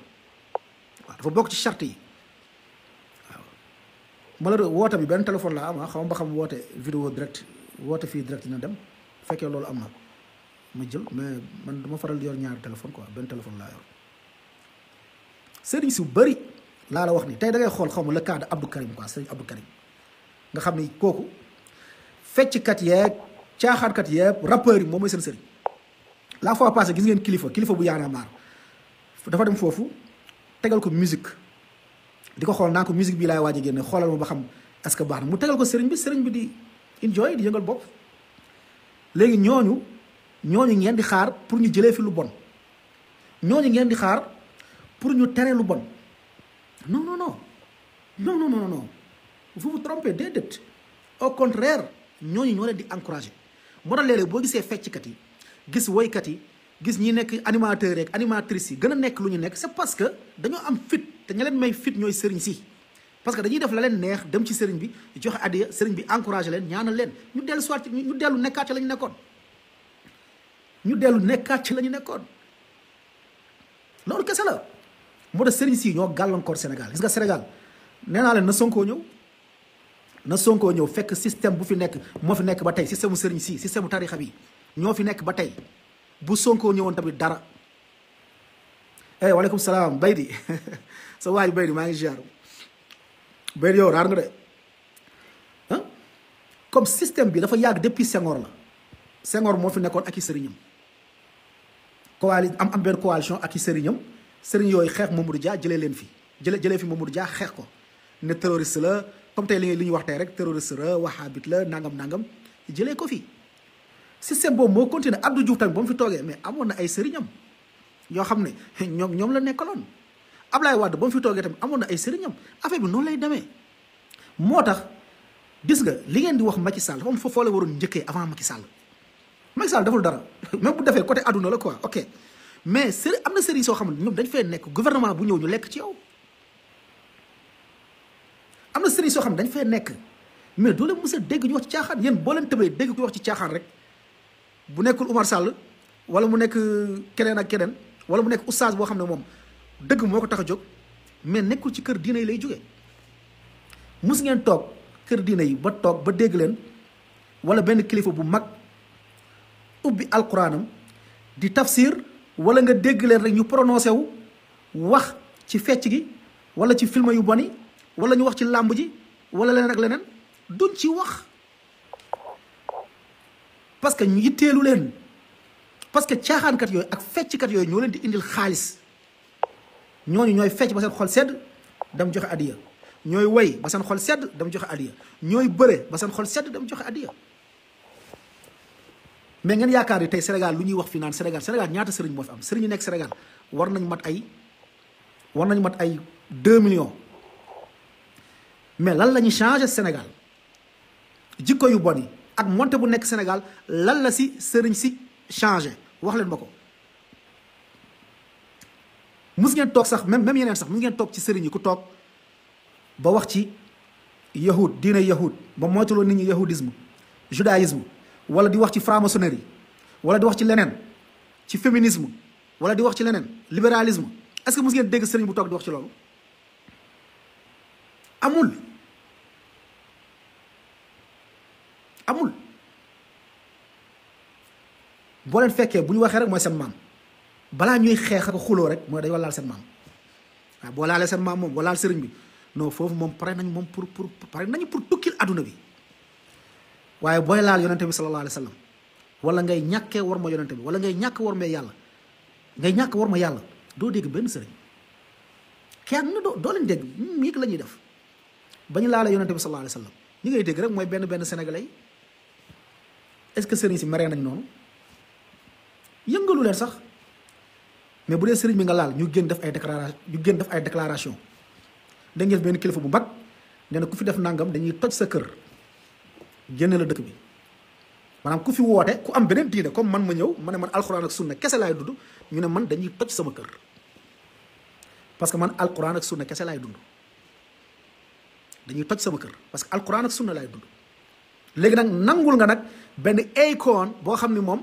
waaw dafa bokk ci charte yi waaw malheureux woote bi benn téléphone laa am ah, xaw ma ba woote vidéo direct woote fii direct dina dem fekkee loolu am na ma jël mais man dama faral yor ñaari téléphone quoi benn téléphone laa yor sëriñ su bëri laa la wax ni tey da ngay xool xaw ma le cas de Abdou Karim quoi sëriñ Abdou Karim nga xam ni kooku fecckat yeeg caaxaankat yeeg rappeurs yi moom mooy seen sëriñ la fois passée gis ngeen kilifa kilifa bu yaana maar dafa dem foofu tegal ko musique di ko xool naa ko musique bi laay waaj a génne xoolal ma ba xam est-ce que baax na mu tegal ko sëriñ bi sëriñ bi di enjoy di yëngal bopp léegi ñooñu ñooñu ngeen di xaar pour ñu jëlee fi lu bon ñooñu ngeen di xaar pour ñu tere lu bon non non non non non non non vous déedéet au contraire ñooñu ñoo leen di encouragé moo tax léeg boo gisee fecckat yi gis woykat yi gis ñi nekk animateur rek animatrice yi gën a nekk lu ñu nekk c'est parce que dañoo am fit te ña leen may fit ñooy sëriñ si parce que dañuy def la leen neex dem ci sëriñ bi joxe addiya sëriñ bi encouragé leen ñaanal leen ñu dellu soit ñu dellu nekkaat ci la ñu nekkoon ñu dellu nekkaat ci la ñu nekkoon loolu kese la moo tax sëriñ si ñoo gàllankoor Sénégal gis que Sénégal nee naa leen na Sonko ñëw na Sonko ñëw fekk système bu fi nekk moo fi nekk ba tey système mu sëriñ si système mu tarixa bi ñoo fi nekk ba tey bu sonkoo ñëwoon tamit dara. eh waaleykum salaam Baydi sa waay Baydi maa ngi ziar Baydi yow raar nga de comme système bi dafa yàgg depuis Senghor la Senghor moo fi nekkoon ak i sëriñam coali am am benn coalition ak i sëriñam sëriñ yooyu xeex Mamadou jaar jëlee leen fi jële jëlee fi du jaar xeex ko ne terroriste la. comme tey li li ñu wax rek rek terroriste la wahabit la nangam nangam jëlee ko fi système boobu moo continuer Abdou Diouf tamit ba mu fi toogee mais amoon na ay sëriñam yoo xam ne ñoom ñoom la nekkaloon Ablaye Wade ba mu fi toogee tamit amoon na ay sëriñam affaire bi noonu lay demee moo tax gis nga li ngeen di wax Macky Sall dafa am la waroon njëkkee avant Macky Sall Macky Sall deful dara même bu defee côté àdduna la quoi ok mais sëriñ am na sëriñ soo xam ne ñoom dañ fee nekk gouvernement bu ñëw ñu lekk ci yow. am na sëriñ soo xam ne dañ fa nekk mais doo leen mës dégg ñu wax ci caaxaan yéen boo leen tëbee dégg ku wax ci caaxaan rek bu nekkul Umar Sall wala mu nekk keneen ak keneen wala mu nekk oustaz boo xam ne moom dëgg moo ko tax a jóg mais nekkul ci kër diine yi lay jóge mus ngeen toog kër diine yi ba toog ba dégg leen wala benn kilifa bu mag ubbi alquranam di tafsir wala nga dégg leen rek ñu prononcé wu wax ci fecc gi wala ci film yu boni wala ñu wax ci làmb ji wala leneen ak leneen duñ ci wax parce que ñu yitteelu leen parce que caaxaankat yooyu ak fecckat yooyu ñoo leen di indil xaalis ñooñu ñooy fecc ba seen xol sedd dam joxe adiya ñooy way ba seen xol sedd dam joxe adiya ñooy bëre ba seen xol sedd dam joxe adiya mais ngeen yaakaar ni tey Sénégal lu ñuy wax fi naan Sénégal Sénégal ñaata sëriñ moo fi am sëriñ yu nekk Sénégal war nañ mat ay war nañ mat ay deux millions mais lan la ñu changé Sénégal jikko yu bon yi ak monte bu nekk Sénégal lan la si sëriñ si changé wax leen ba ko mus ngeen toog sax même même yeneen sax mus ngeen toog ci sëriñ yi ku toog ba wax ci yahud diine yahud ba moytuloo nit ñi yahudisme judaïsme wala di wax ci franc-maçonnerie wala di wax ci leneen ci féminisme wala di wax ci leneen libéralisme est-ce que mus ngeen dégg sëriñ bu toog di wax ci loolu amul amul boo leen fekkee bu ñu waxee rek mooy seen maam balaa ñuy xeex ak xuloo rek mooy dañoo laal seen maam boo laalee seen maam moom laal sëriñ bi non moom pare nañ moom pour pour pare nañu pour tukkil àdduna bi waaye booy laal yonente bi sallallahu alayhi wa wala ngay ñàkkee war ma yonente wala ngay ñàkk war yàlla ngay ñàkk war ma yàlla doo dégg benn sëriñ kenn doo doo leen dégg yëg la ñuy def ba ñu laalee yonente bi sallallahu alayhi ñu sallam ñi dégg rek mooy benn benn sénégalais est-ce que sëriñ si meree nañ noonu yëngalu leen sax mais bu dee sëriñ bi nga laal ñu gën def ay déclaration ñu gën def ay déclaration da ngeen benn kilifa bu mag nee na ku fi def nangam dañuy toj sa kër génne la dëkk bi maanaam ku fi woote ku am beneen diine comme man ma ñëw ma ne man alxuraan ak sunna kese laay dund ñu ne man dañuy toj sama kër parce que man alxuraan ak sunna kese laay dund dañuy toj sama kër parce que alxuraan ak sunna laay dund léegi nag nangul nga nag. benn icône boo xam ni moom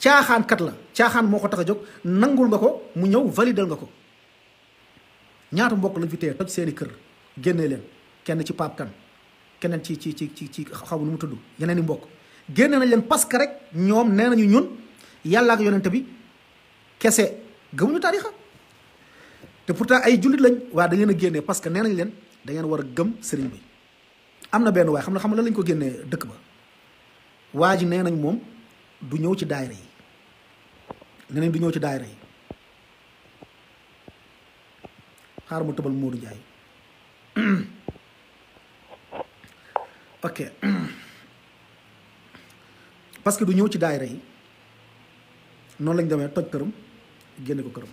caaxaan kat la caaxaan moo ko tax a jóg nangul nga ko mu ñëw validal nga ko ñaata mbokk lañ fi téye toj seeni kër génnee leen kenn ci Pape Kane keneen ci ci ci ci ci xaw nu mu tudd yeneen i mbokk génne nañ leen parce que rek ñoom nee nañu ñun yàlla ak yonent bi kese gëmuñu taarixa te pourtant ay jullit lañ waa da ngeen a génnee parce que nee nañ leen da ngeen war a gëm sëriñ bi am na benn waaye xam ne xam la lañ ko génnee dëkk ba waa ji nee nañ moom du ñëw ci daayira yi nee nañ ci daayira yi xaar mu tëbal Modou Ndiaye ok parce que du ñëw ci daayira yi noonu lañ demee toj këram génne ko këram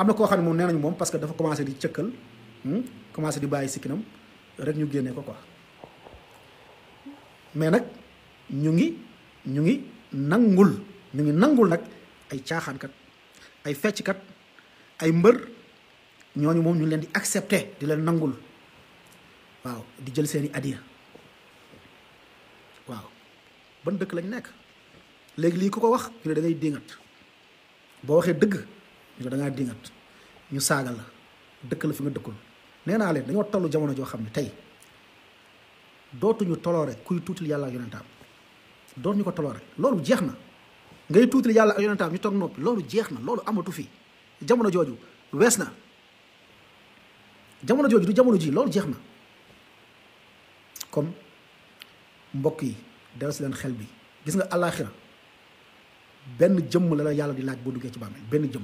am na koo xam ne moom nee nañ moom parce que dafa commencé di cëkkal hmm, commencé di bàyyi sikkinam rek ñu génne ko quoi mais nag ñu ngi ñu ngi nangul ñu ngi nangul nag ay caaxaankat ay fecckat ay mbër ñooñu moom ñu leen di accepter di leen nangul waaw di jël seeni adiya waaw ban dëkk lañ nekk léegi lii ku ko wax ñu ne da dingat boo waxee dëgg ñu ne ñu saaga la dëkk la fi nga dëkkul nee naa leen dañoo tollu jamono joo xam ne tey dootuñu toloore kuy tuuti yàlla yonentaam doon ñu ko toloo loolu jeex na ngay tuuti yàlla ak yonentaam ñu toog noppi loolu jeex na loolu amatu fi jamono jooju wees na jamono jooju du jamono ji loolu jeex na kon mbokk yi dara si leen xel bi gis nga àllaaxira benn jëm la la yàlla di laaj boo duggee ci bàmmeel benn jëmm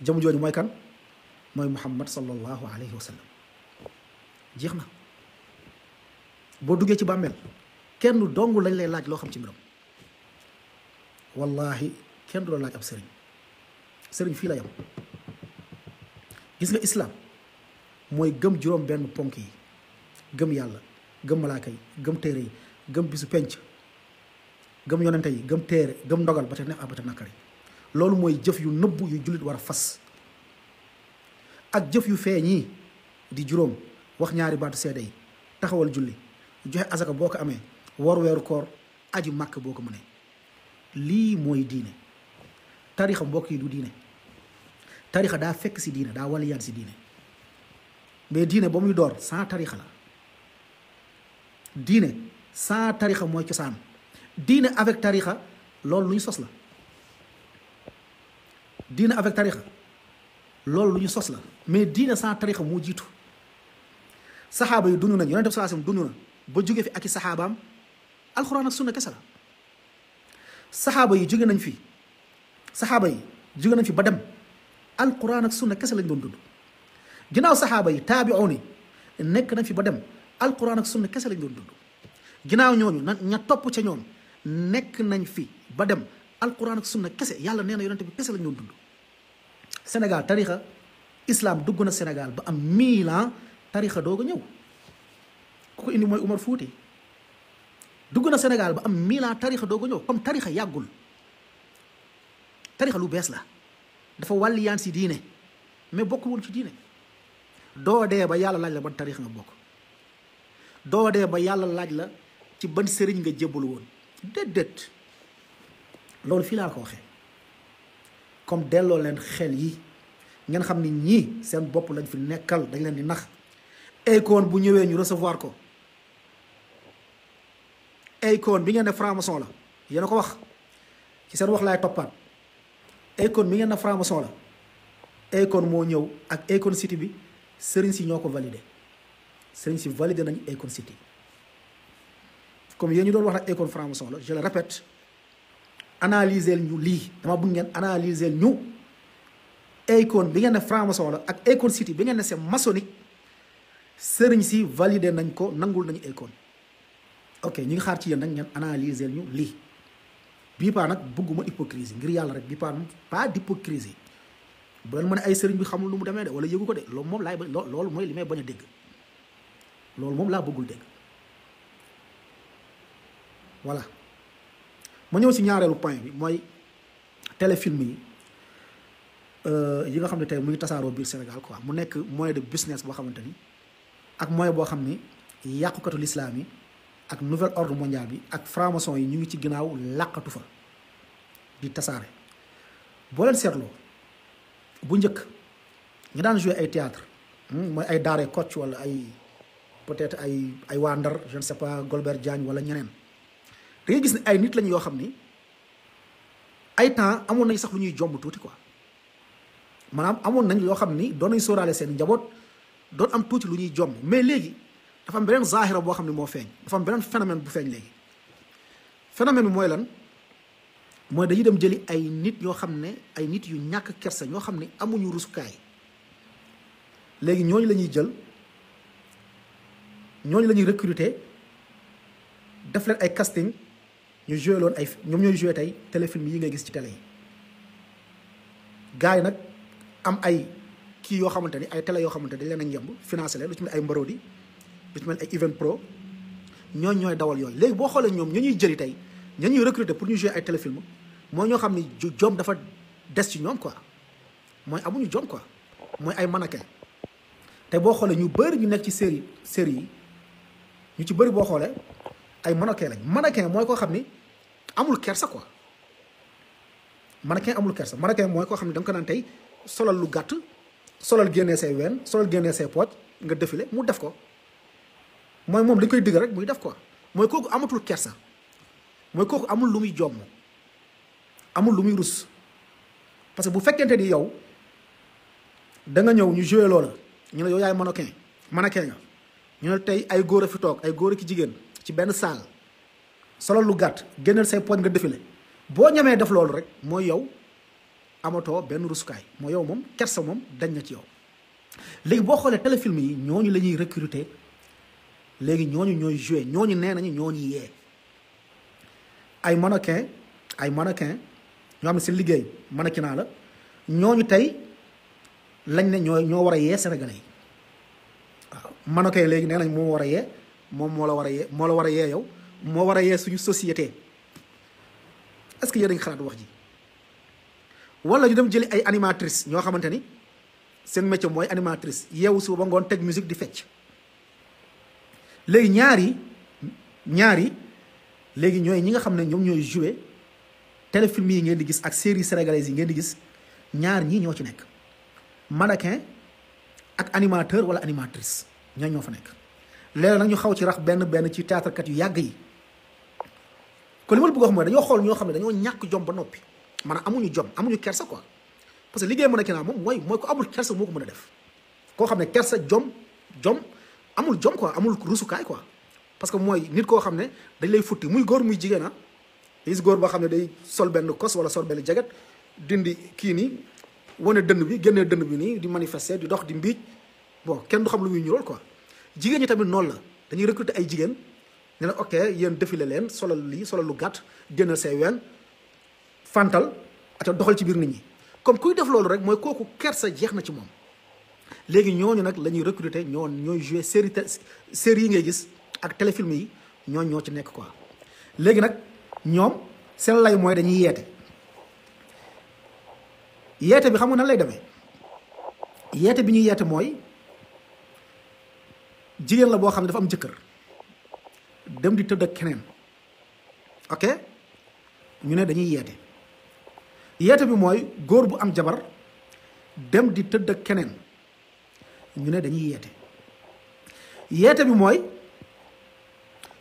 jëmm jooju mooy kan mooy muhammad sallallahu alayhi wa sallam jeex na boo duggee ci bàmmeel kenn dong lañ lay laaj loo xam ci mbiram wallahi kenn du la laaj ab sëriñ sëriñ fii la yam gis nga islam mooy gëm juróom benn ponk yi gëm yàlla gëm malaaka yi gëm téere yi gëm bisu penc gëm yonente yi gëm téere gëm ndogal ba te neex ak ba te nakari loolu mooy jëf yu nëbbu yu jullit war a fas ak jëf yu feeñ di juróom wax ñaari baatu seede yi taxawal julli joxe asaka boo ko amee war weeru koor aji màkk boo ko mu ne lii mooy diine tarixa mbokk yi du diine tarixa daa fekk si diine daa waliyaan si diine mais diine ba muy door sans tarixa la diine sans tarixa mooy cosaan diine avec tarixa loolu lu ñu sos la diine avec tarixa loolu lu ñu sos la mais diine sans tarixa moo jiitu saxaaba yi dund nañ yonent bi sallallahu alayhi wasallam dund na ba jóge fi ak i saxaabaam alxuraan ak sunna kese la saxaaba yi jóge nañ fi saxaaba yi jóge nañ fi ba dem alxuraan ak sunna kese lañ doon dund ginnaaw saxaaba yi taabi'oon yi nekk nañ fi ba dem alxuraan ak sunna kese lañ dund ginnaaw ñooñu na ña topp ca ñoom nekk nañ fi ba dem alxuraan ak sunna kese yàlla nee na yonente bi kese lañ doon dund senegal tarixa islaam dugg na senegal ba am mille ans tarixa doog a ñëw ku ko indi mooy Umar Fuuti dugg na Sénégal ba am milan tarixa doo ko ñëw comme tarixa yàggul tarixa lu bees la dafa wàlliyaan si diine mais bokkul woon ci diine doo dee ba yàlla laaj la ban tarixa nga bokk doo dee ba yàlla laaj la ci ban sëriñ nga jébbalu woon déedéet loolu fii laa ko waxee comme delloo leen xel yi ngeen xam ni ñii seen bopp lañ fi nekkal dañ leen di nax Akon bu ñëwee ñu recevoir ko Akon bi ngeen ne franc-maçon la yéen a ko wax ci seen wax laay toppaat Akon bi ngeen ne franc-maçon la Akon moo ñëw ak Akon City bi sëriñ si ñoo ko valide sëriñ si validé nañu Akon City comme yéen ñu doon wax nag Akon franc-maçon la je le répète analyser ñu lii dama bëgg ngeen analyser ñu Akon bi ngeen ne franc-maçon la ak Akon City bi ngeen ne c'est maçonnique sëriñ si validé nañ ko nangul nañu Akon ok ñu ngi xaar ci yéen nag ngeen analyser ñu lii bii paa nag bëgguma hypocrisie ngir yàlla rek bii paa moom pas d'hypocrisie bu leen ay sëriñ bi xamul lu mu demee de wala yëgu ko de loolu moom laay ba loolu mooy li may a dégg moom laa bëggul dégg voilà ma ñëw si ñaareelu point bi mooy téléfilm yi euh, yi nga xam ne tey mu ngi tasaaroo biir Sénégal quoi mu nekk moyen de business boo xamante ni ak moyen boo xam ni yàqukatu lislaam yi ak nouvel ordre mondial bi ak franc yi ñu ngi ci ginnaaw làqatu fa di tasaare boo leen seetloo bu njëkk ñu daan jouer ay théâtre hmm, mooy ay daare Kocc wala ay peut-être ay ay waa Ndar je ne sais pas Golbert Diagne wala ñeneen da ngay gis ne ay nit lañ yoo xam ni ay temps amoon nañ sax lu ñuy jomb tuuti quoi maanaam amoon nañ yoo xam ni doon nañ sóoraale seen njaboot doon am tuuti lu ñuy jomb mais léegi. dafa am beneen boo xam ne moo feeñ dafa am beneen phénomène bu feeñ léegi phénomène bi mooy lan mooy dañuy dem jëli ay nit yoo xam ne ay nit yu ñàkk kersa ñoo xam ne amuñu rusukaay léegi ñooñu la ñuy jël ñooñu la ñuy recruter def leen ay casting ñu joué loon ay ñoom ñooy joué tey téléfilm yi ngay gis ci tele yi gars yi nag am ay kii yoo xamante ni ay télé yoo xamante ni dañ leen a njëmb financé leen lu ci mel ay mbarodi lu mel ay event pro ñooñ ñooy dawal yooyu léegi boo xoolee ñoom ñoo ñuy jëli tey ñoo ñuy recruter pour ñu jouer ay téléfilm mooy ñoo xam ne joom dafa des ci ñoom quoi mooy amuñu jom quoi mooy ay mannequin te boo xoolee ñu bëri ñu nekk ci série série yi ñu ci bëri boo xoolee ay mannequin lañ mannequin mooy koo xam ni amul kerse ko mannequin amul kersa mannequin mooy koo xam ne da ko naan tey solal lu gàtt solal génnee say ween solal génnee say pooj nga défilé mu def ko mooy moom dañ koy digg rek muy def ko mooy kooku amatul kersa mooy kooku amul lu muy jomm amul lu muy rus parce que bu fekkente di yow danga ñëw ñu joué la ñu ne yow yaay mannequin mannequin nga ñu ne tey ay góor a fi toog ay góor a ki jigéen ci benn salle solo lu gàtt génneel say poñ nga défilé boo ñamee def loolu rek mooy yow amatoo benn rusukaay mooy yow moom kersa moom dañ na ci yow léegi boo xoolee téléfilm yi ñooñu la ñuy recruter. léegi ñooñu ñooy joué ñooñu nee nañu ñooñu yee ay mannequin ay mannequin ñoo xam ne seen liggéey mannequinat la ñooñu tey lañ ne ñoo ñoo war a yee sénégalais yi waaw mannequin léegi nee nañ moo war a yee moom moo la war a yee moo la war a yee yow moo war a yee suñu société est-ce que yéen a ngi xalaat wax ji wala ñu dem jëli ay animatrice ñoo xamante ni seen métier mooy animatrice yeewu suba ba ngoon teg musique di fecc léegi ñaari ñaari léegi ñooy ñi nga xam ne ñoom ñooy joué téléfilm yi ngeen di gis ak série sénégalaise yi ngeen di gis ñaar ñii ñoo ci nekk mannequin ak animateur wala animatrice ñoo ñoo fa nekk léegi nag ñu xaw ci rax benn benn ci théâtre kat yu yàgg yi kon li ma la bëgg a wax dañoo xool ñoo xam ne dañoo ñàkk jom ba noppi maanaam amuñu jom amuñu kersa quoi parce que liggéey mën a kenaa moom mooy mooy ko amul kersa moo ko mën a def koo xam ne kersa jom jom amul jom quoi amul rusukaay quoi parce que mooy nit koo xam ne dañ lay futti muy góor muy jigéena ah gis góor boo xam ne day sol benn kos wala sol benn jaget dindi kii nii wane dënn bi génnee dënn bi nii di manifester di dox di mbiic bon kenn du xam lu muy ñuul quoi jigéen ñi tamit noonu la dañuy recruter ay jigéen ne la ok yéen défilé leen solal lii solal lu gàtt génnal say wenn fantal ata doxal ci biir nit ñi comme kuy def loolu rek mooy kooku kersa jeex na ci moom léegi ñooñu nag la ñuy recruter ñoo ñooy jouer série série yi ngay gis ak téléfilm yi ñooñ ñoo ci nekk quoi léegi nag ñoom seen lay mooy dañuy yeete yeete bi xam nga lay demee yeete bi ñuy yeete mooy jigéen la boo xam ne dafa am jëkkër dem di tëdd ak keneen ok ñu ne dañuy yeete yeete bi mooy góor bu am jabar dem di tëdd ak keneen ñu ne dañuy yeete yeete bi mooy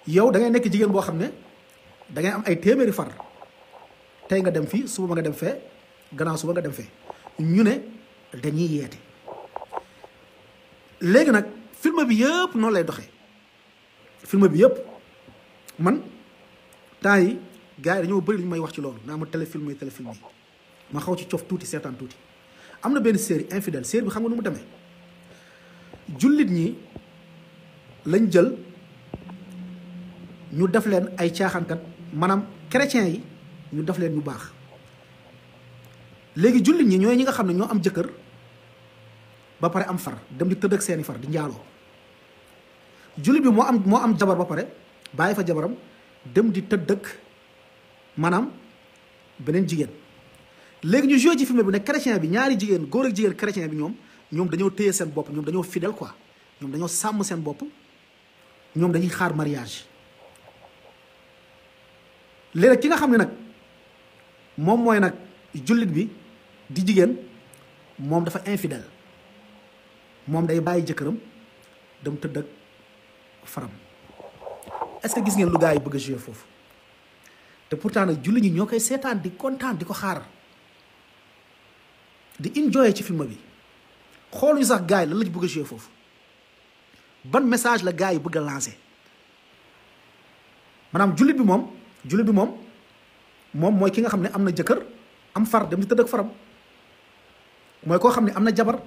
yow da ngay nekk jigéen boo xam ne da am ay téeméeri far tey nga dem fii suba nga dem fee gannaaw suba nga dem fee ñu ne dañuy yeete léegi nag film bi yëpp noonu lay doxe film bi yëpp man temps yi gars yi dañoo bëri lu ñu may wax ci loolu naa ma téléfilm yi téléfilm yi ma xaw ci coof tuuti seetaan tuuti am na benn série infidèle série bi xam nga nu mu demee jullit ñi lañ jël ñu def leen ay caaxaankat maanaam chrétiens yi ñu def leen ñu baax léegi jullit ñi ñooy ñi nga xam ne ñoo am jëkkër ba pare am far dem di tëdd seeni far di njaaloo jullit bi moo am moo am jabar ba pare bàyyi fa jabaram dem di tëdd ak maanaam beneen jigéen léegi ñu joué ci film bi ne chrétien bi ñaari jigéen góor ak jigéen chrétien bi ñoom ñoom dañoo téye seen bopp ñoom dañoo fidèle quoi ñoom dañoo sàmm seen bopp ñoom dañuy xaar mariage léeg ki nga xam ne nag moom mooy nag jullit bi di jigéen moom dafa infidèle moom day bàyyi jëkkëram dem tëdd ak faram est-ce gis ngeen lu gaa yi bëgg a jouer foofu te pourtant nag jullit ñi ñoo koy seetaan di kontaan di ko xaar di enjoy ci film bi. xooluñu sax gars yi lan la bëgg a jouer foofu ban message la gars yi bëgg a lancer maanaam jullit bi moom jullit bi moom moom mooy ki nga xam ne am na jëkkër am far dem di tëdd ak faram mooy koo xam ne am na jabar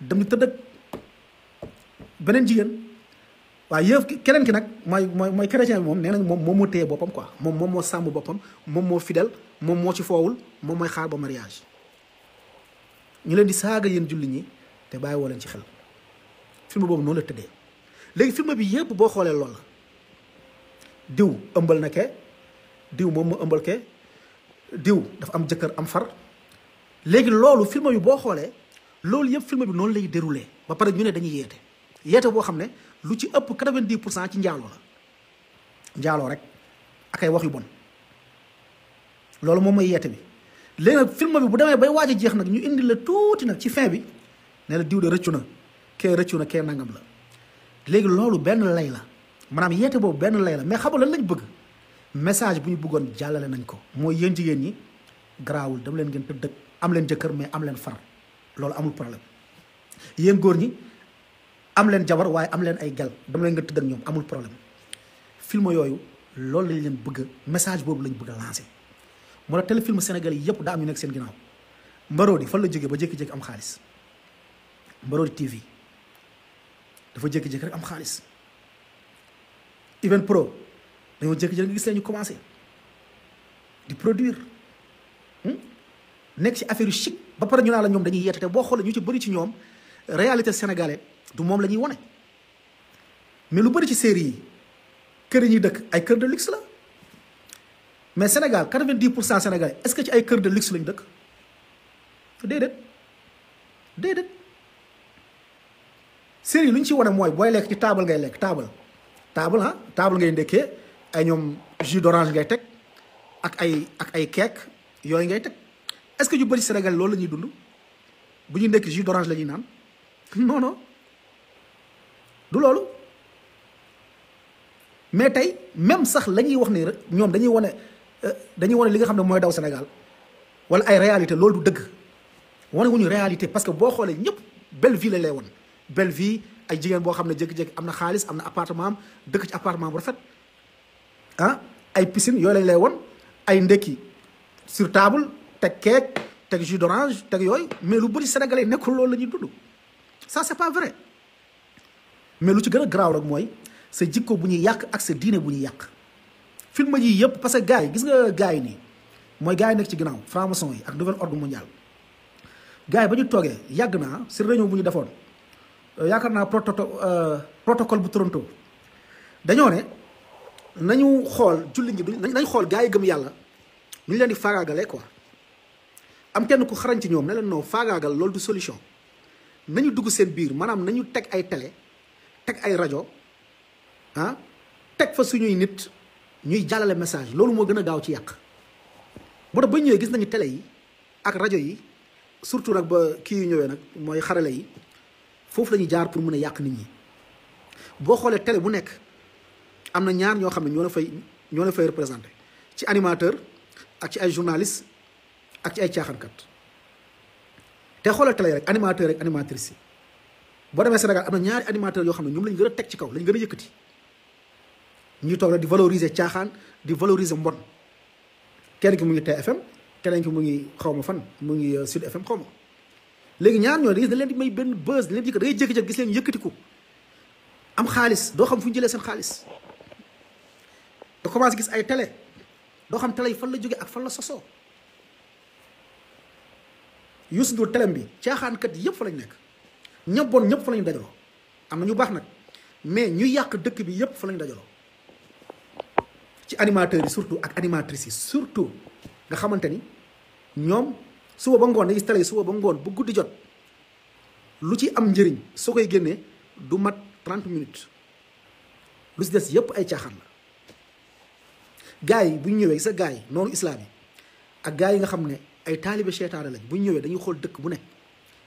dem di tëdd ak beneen jigéen waaye yëf keneen ki nag mooy mooy mooy chrétien bi moom nee nañ moom moom moo téye boppam ko moom moom moo sàmm boppam moom moo fidèle moom moo ci foowul moom mooy xaar ba mariage ñu leen di saaga yéen julli ñi te bàyyi woo leen ci xel film boobu noonu la tëddee léegi film bi yëpp boo xoolee loolu la diw ëmbal na ke diw moom mu ëmbal ke diw dafa am jëkkër am far léegi loolu film yu boo xoolee loolu yëpp film bi noonu lay déroulé ba pare ñu ne dañuy yeete yeete boo xam ne lu ci ëpp quatre vingt pour cent ci njaaloo la njaaloo rek akay wax yu bon loolu moom mooy yeete bi léegi nag film bi bu demee bay waaj a jeex nag ñu indi la tuuti nag ci fin bi ne la diw de rëccu na kee rëccu na kee nangam la léegi loolu benn lay la maanaam yeete boobu benn lay la mais xam lan lañ bëgg message bu ñu bëggoon jàllale nañ ko mooy yéen jigéen ñi garaawul dama leen ngeen tëdd dëkk am leen jëkkër mais am leen far loolu amul problème yéen góor ñi am leen jabar waaye am leen ay gal dama leen ngeen tëdd ñoom amul problème film yooyu loolu lañ leen bëgg message boobu lañ bëgg a lancé moo tax téléfilm sénégalais yépp daa am ñu nekk seen ginnaaw mbaroo di fan la jóge ba jëkki jékki am xaalis Marodi TV dafa jékki-jékki rek am xaalis Event Pro dañoo jékki-jékki gis nañu commencé di produire hmm? nekk ci affaire yu chic ba pare ñu naa la ñoom dañuy yeete boo xoolee ñu ci bëri ci ñoom réalité sénégalais du moom la ñuy wone mais lu bëri ci série yi kër yi ñuy dëkk ay kër de luxe la mais Sénégal 90 pour cent sénégalais est-ce que ci ay kër de luxe lañu dëkk déedéet déedéet. série lu ñu ci wane mooy booy lekk ci taabal ngay lekk taabal taabal ah taabal ngay ndekkee ay ñoom jus d'orange ngay teg ak ay ak ay kek yooyu ngay teg est-ce que ñu bëri Sénégal loolu la ñuy dund bu ñu ndekki jus d'orange la ñuy naan non non du loolu mais tey même sax la ñuy wax ni rek ñoom dañuy wane euh, dañuy wane li nga xam ne mooy daw Sénégal wala ay réalité loolu du dëgg wane wuñu réalité parce que boo xoolee ñëpp belle lay wan belle vie ay jigéen boo xam ne jékki-jékki am na xaalis am na appartement am dëkk ci appartement bu rafet ah ay piscine yooyu lañ lay won ay ndekki sur table teg cake teg jus d'orange teg yooyu mais lu bëri sénégalais nekkul loolu lañuy ñuy dund ça c'est pas vrai mais lu ci gën a garaaw rek mooy sa jikko bu ñuy yàq ak sa diine bu ñuy yàq film yi yëpp parce que gars yi gis nga gars yi nii mooy gars yi nekk ci ginnaaw franc yi ak nouvel ordre mondial gars yi ba ñu toogee yàgg naa si réunion bu ñu defoon Euh, yaakaar naa prototo euh, protocole bu Toronto dañoo ne nañu xool julli ñi duñ nañ xool gaa yi gëm yàlla nu ñu leen di faagaagalee ko am kenn ku xarañ ci ñoom ne leen noo faagaagal loolu du solution nañu dugg seen biir maanaam nañu teg ay tele teg ay rajo ah teg fa suñuy nit ñuy jàllale message loolu moo gën a gaaw ci yàq bu dee ba ñëwee gis nañu tele yi ak rajo yi surtout nag ba kii yu ñëwee nag mooy xarale yi. foofu la ñuy jaar pour mën a yàq nit ñi boo xoolee tele bu nekk am na ñaar ñoo xam ne ñoo la fay ñoo la fay représenté ci animateur ak ci ay journaliste ak ci ay caaxaankat te xoolee télé rek animateur rek animatrice yi boo demee Sénégal am na ñaari animateur yoo xam ne ñoom lañ gën a teg ci kaw lañ gën a yëkkati ñuy toog rek di valoriser caaxaan di valoriser mbon kenn ki mu ngi TFM keneen ki mu ngi xaw ma fan mu ngi euh, Sud FM xaw ma léegi ñaar ñoo da gis leen di may benn buzz leen yëkkat da ngay jékki-jékki gis leen yëkkatiku am xaalis doo xam fu ñu jëlee seen xaalis nga commencé gis ay télé doo xam télé yi fan la jógee ak fan la sosoo Youssou Ndour télé bi caaxaankat yëpp fa lañ nekk ñëpp bon ñëpp fa lañ dajaloo am na ñu baax nag mais ñu yàq dëkk bi yëpp fa lañ dajaloo ci animateurs yi surtout ak animatrices yi surtout nga xamante ni ñoom. suba ba ngoon da gis télé suba ba ngoon bu guddi jot lu ci am njëriñ soo koy génnee du mat 30 minutes lu si des yépp ay caaxaan la gars yi bu ñu ñëwee sa gaa yi noonu islaam yi ak gars yi nga xam ne ay taalibe seytaane lañ bu ñëwee dañu xool dëkk bu nekk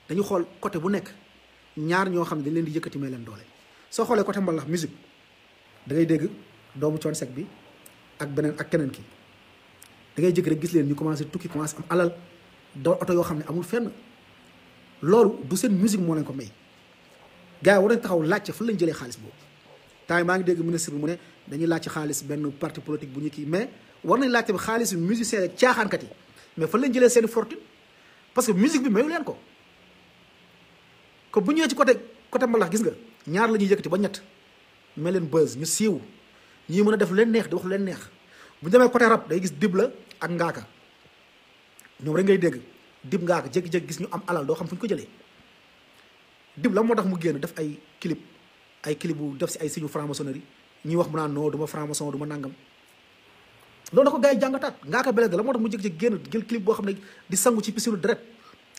dañu xool côté bu nekk ñaar ñoo xam ne dañ leen di yëkkati may leen doole soo xoolee côté mbalax musique da ngay dégg doomu coon sec bi ak beneen ak keneen ki da ngay jëkk rek gis leen ñu commencé tukki commencé am alal doon oto yoo xam ne amul fenn loolu du seen musique moo leen ko may gars yi war nañ taxaw làcce fan lañ jëlee xaalis boobu temps maa ngi dégg ministre bi mu ne dañuy laajte xaalis benn parti politique bu ñu kii mais war nañ laajte bi xaalis bi musicien rek caaxaankat yi mais fan lañ jëlee seen fortune parce que musique bi mayu leen ko ko bu ñëwee ci côté côté mbalax gis nga ñaar la ñuy yëkkati ba ñett mais leen buzz ñu siiw ñuy mën a def lu leen neex di wax lu leen neex bu ñu demee côté rap day gis dib la ak ngaaka ñoom rek ngay dégg dib ngaa ko jékki-jékki gis ñu am alal doo xam fu ñu ko jëlee dib la moo tax mu génn def ay clip ay clip bu def si ay signe franc-maçonnerie ñuy wax mu naan non du ma franc-maçon du ma nangam loolu da ko gars yi jàngataat ngaa ko beleg la moo tax mu jékki-jékki génn jël clip boo xam ne di sangu ci piscine deret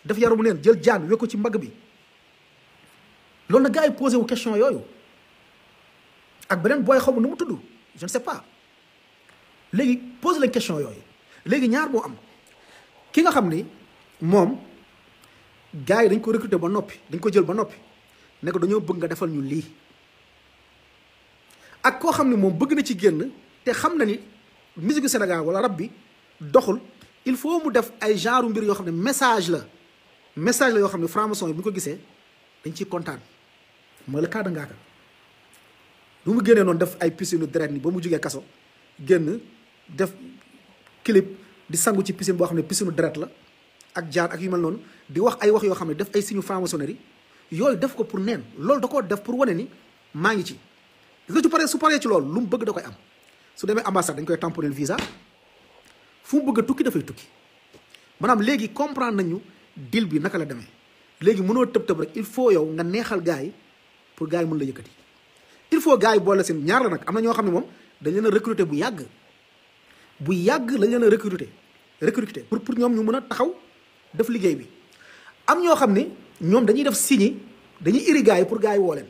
def yaramu neen jël jaan wekku ci mbagg bi loolu na gars yi posé wu question yooyu ak beneen booy xaw ma nu mu tudd je ne pas léegi posé lañ question yooyu léegi ñaar moo am ki nga xam ni moom gars yi dañ ko recruter ba noppi dañ ko jël ba noppi ne dañoo bëgg nga defal ñu lii ak koo xam ne moom bëgg na ci génn te xam na ni musique Sénégal wala rab bi doxul il faut mu def ay genre mbir yoo xam ne message la message yoo xam ne franc-maçon bu ko gisee dañ ciy kontaan mooy la cas de Ngaaka bu mu génnee noonu def ay piscine direct ni ba mu jógee kaso génn def clip di sangu ci piscine boo xam ne piscine deret la ak jaar ak yu mel noonu di wax ay wax yoo xam ne def ay signes franc-maçonnerie yooyu def ko pour neen loolu da koo def pour wane ni maa ngi ci gis nga ci pare su paree ci loolu lu mu bëgg da koy am su demee ambassade dañ koy tamponner visa fu mu bëgg a tukki dafay tukki maanaam léegi comprendre nañu deal bi naka la demee léegi mënoo tëb tëb rek il faut yow nga neexal gars yi pour gars yi mën la yëkkati il faut gars yi boole seen ñaar la am na ñoo xam ne moom dañ leen a recruter bu yàgg. bu yàgg lañ leen a recruter pour pour ñoom ñu mën a taxaw def liggéey bi am ñoo xam ne ñoom dañuy def signé dañuy iri gars yi pour gars yi woo leen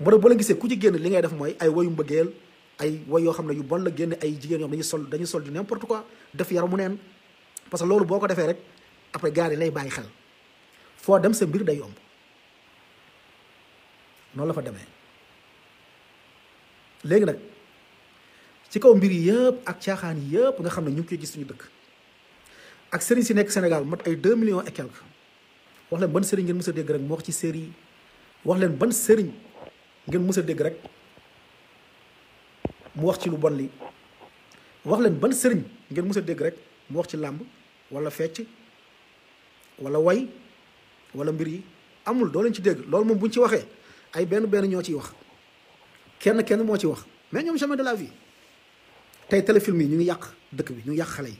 moo tax boo gisee ku ci génn li ngay def mooy ay woyu mbëggeel ay woy yoo xam ne yu bon la génn ay jigéen ñoom dañuy sol dañuy sol du n'importe quoi def mu neen parce que loolu boo ko defee rek après gars yi lay bàyyi xel foo dem sa mbir day yomb noonu la fa demee léegi nag. ci kaw mbir yëpp ak caaxaan yëpp nga xam ne ñu ngi koy gis suñu dëkk ak sëriñ si nekk Sénégal mat ay 2 millions et quelque wax ban sëriñ ngeen mës a dégg rek mu wax ci série wax leen ban sëriñ ngeen mës a dégg mu wax ci lu bon li wax leen ban sëriñ ngeen mës a dégg rek mu wax ci làmb wala fecc wala way wala mbir yi amul doo leen ci dégg loolu moom buñ ñu ci waxee ay benn benn ñoo ciy wax kenn kenn moo ciy wax mais ñoom jamais de la vie. tey téléfilm yi ñu ngi yàq dëkk bi ñu ngi yàq xale yi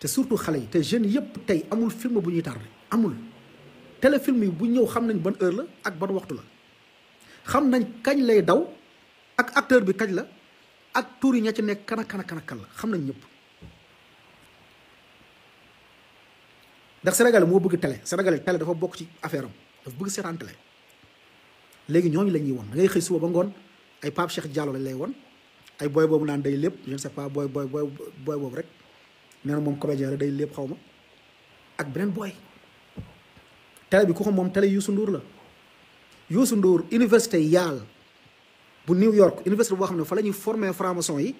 te surtout xale yi te jeunes yëpp tey amul film bu ñuy tardé amul téléfilm yi bu ñëw xam nañ ban heure la ak ban waxtu la xam nañ kañ lay daw ak acteur bi kañ la ak tuur yi ña ci nekk kan ak kan kan la xam nañ ñëpp. ndax Sénégal moo bugg télé Sénégal télé dafa bokk ci affaire am dafa bugg seetaan télé léegi ñooñu la ñuy won da xëy suba ba ngoon ay Pape Cheikh Diallo lañ lay won ay booy boobu naan day lépp je ne sais pas booy booy booy boobu rek nee na moom comédien rek day lépp xaw ma ak beneen booy télé bi ku ko moom télé Youssou Ndour la Youssou Ndour université Yale bu New York université boo xam ne fa la ñuy former franc-maçon yi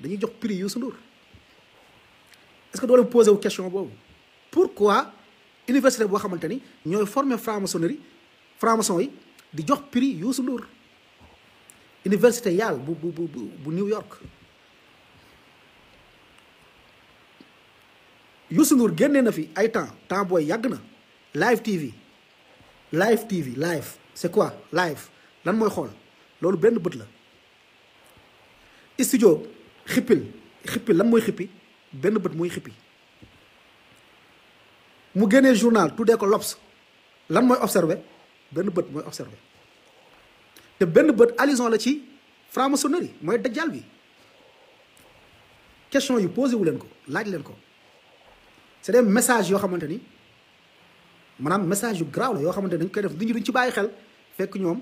dañuy jox prix Youssou Ndour est-ce que doo leen posé wu question boobu pourquoi université boo xamante ni ñooy former franc-maçonnerie franc yi di jox prix Youssou nduur université yàlla bu bu bu bu New York Youssou Ndour génnee na fi ay temps temps yàgg na live TV live TV live c'est quoi live lan mooy xool loolu benn bët la studio xippil xippil lan mooy xippi benn bët mooy xippi mu génnee journal tuddee ko L'Obs lan mooy observé benn bët mooy observé te benn bët alison la ci franc-maçonnerie mooy dajjal bi question yu posé wu leen ko laaj leen ko c'est des messages yoo xamante ni maanaam message yu graaw la yoo xamante ni dañ koy def duñu duñ ci bàyyi xel fekk ñoom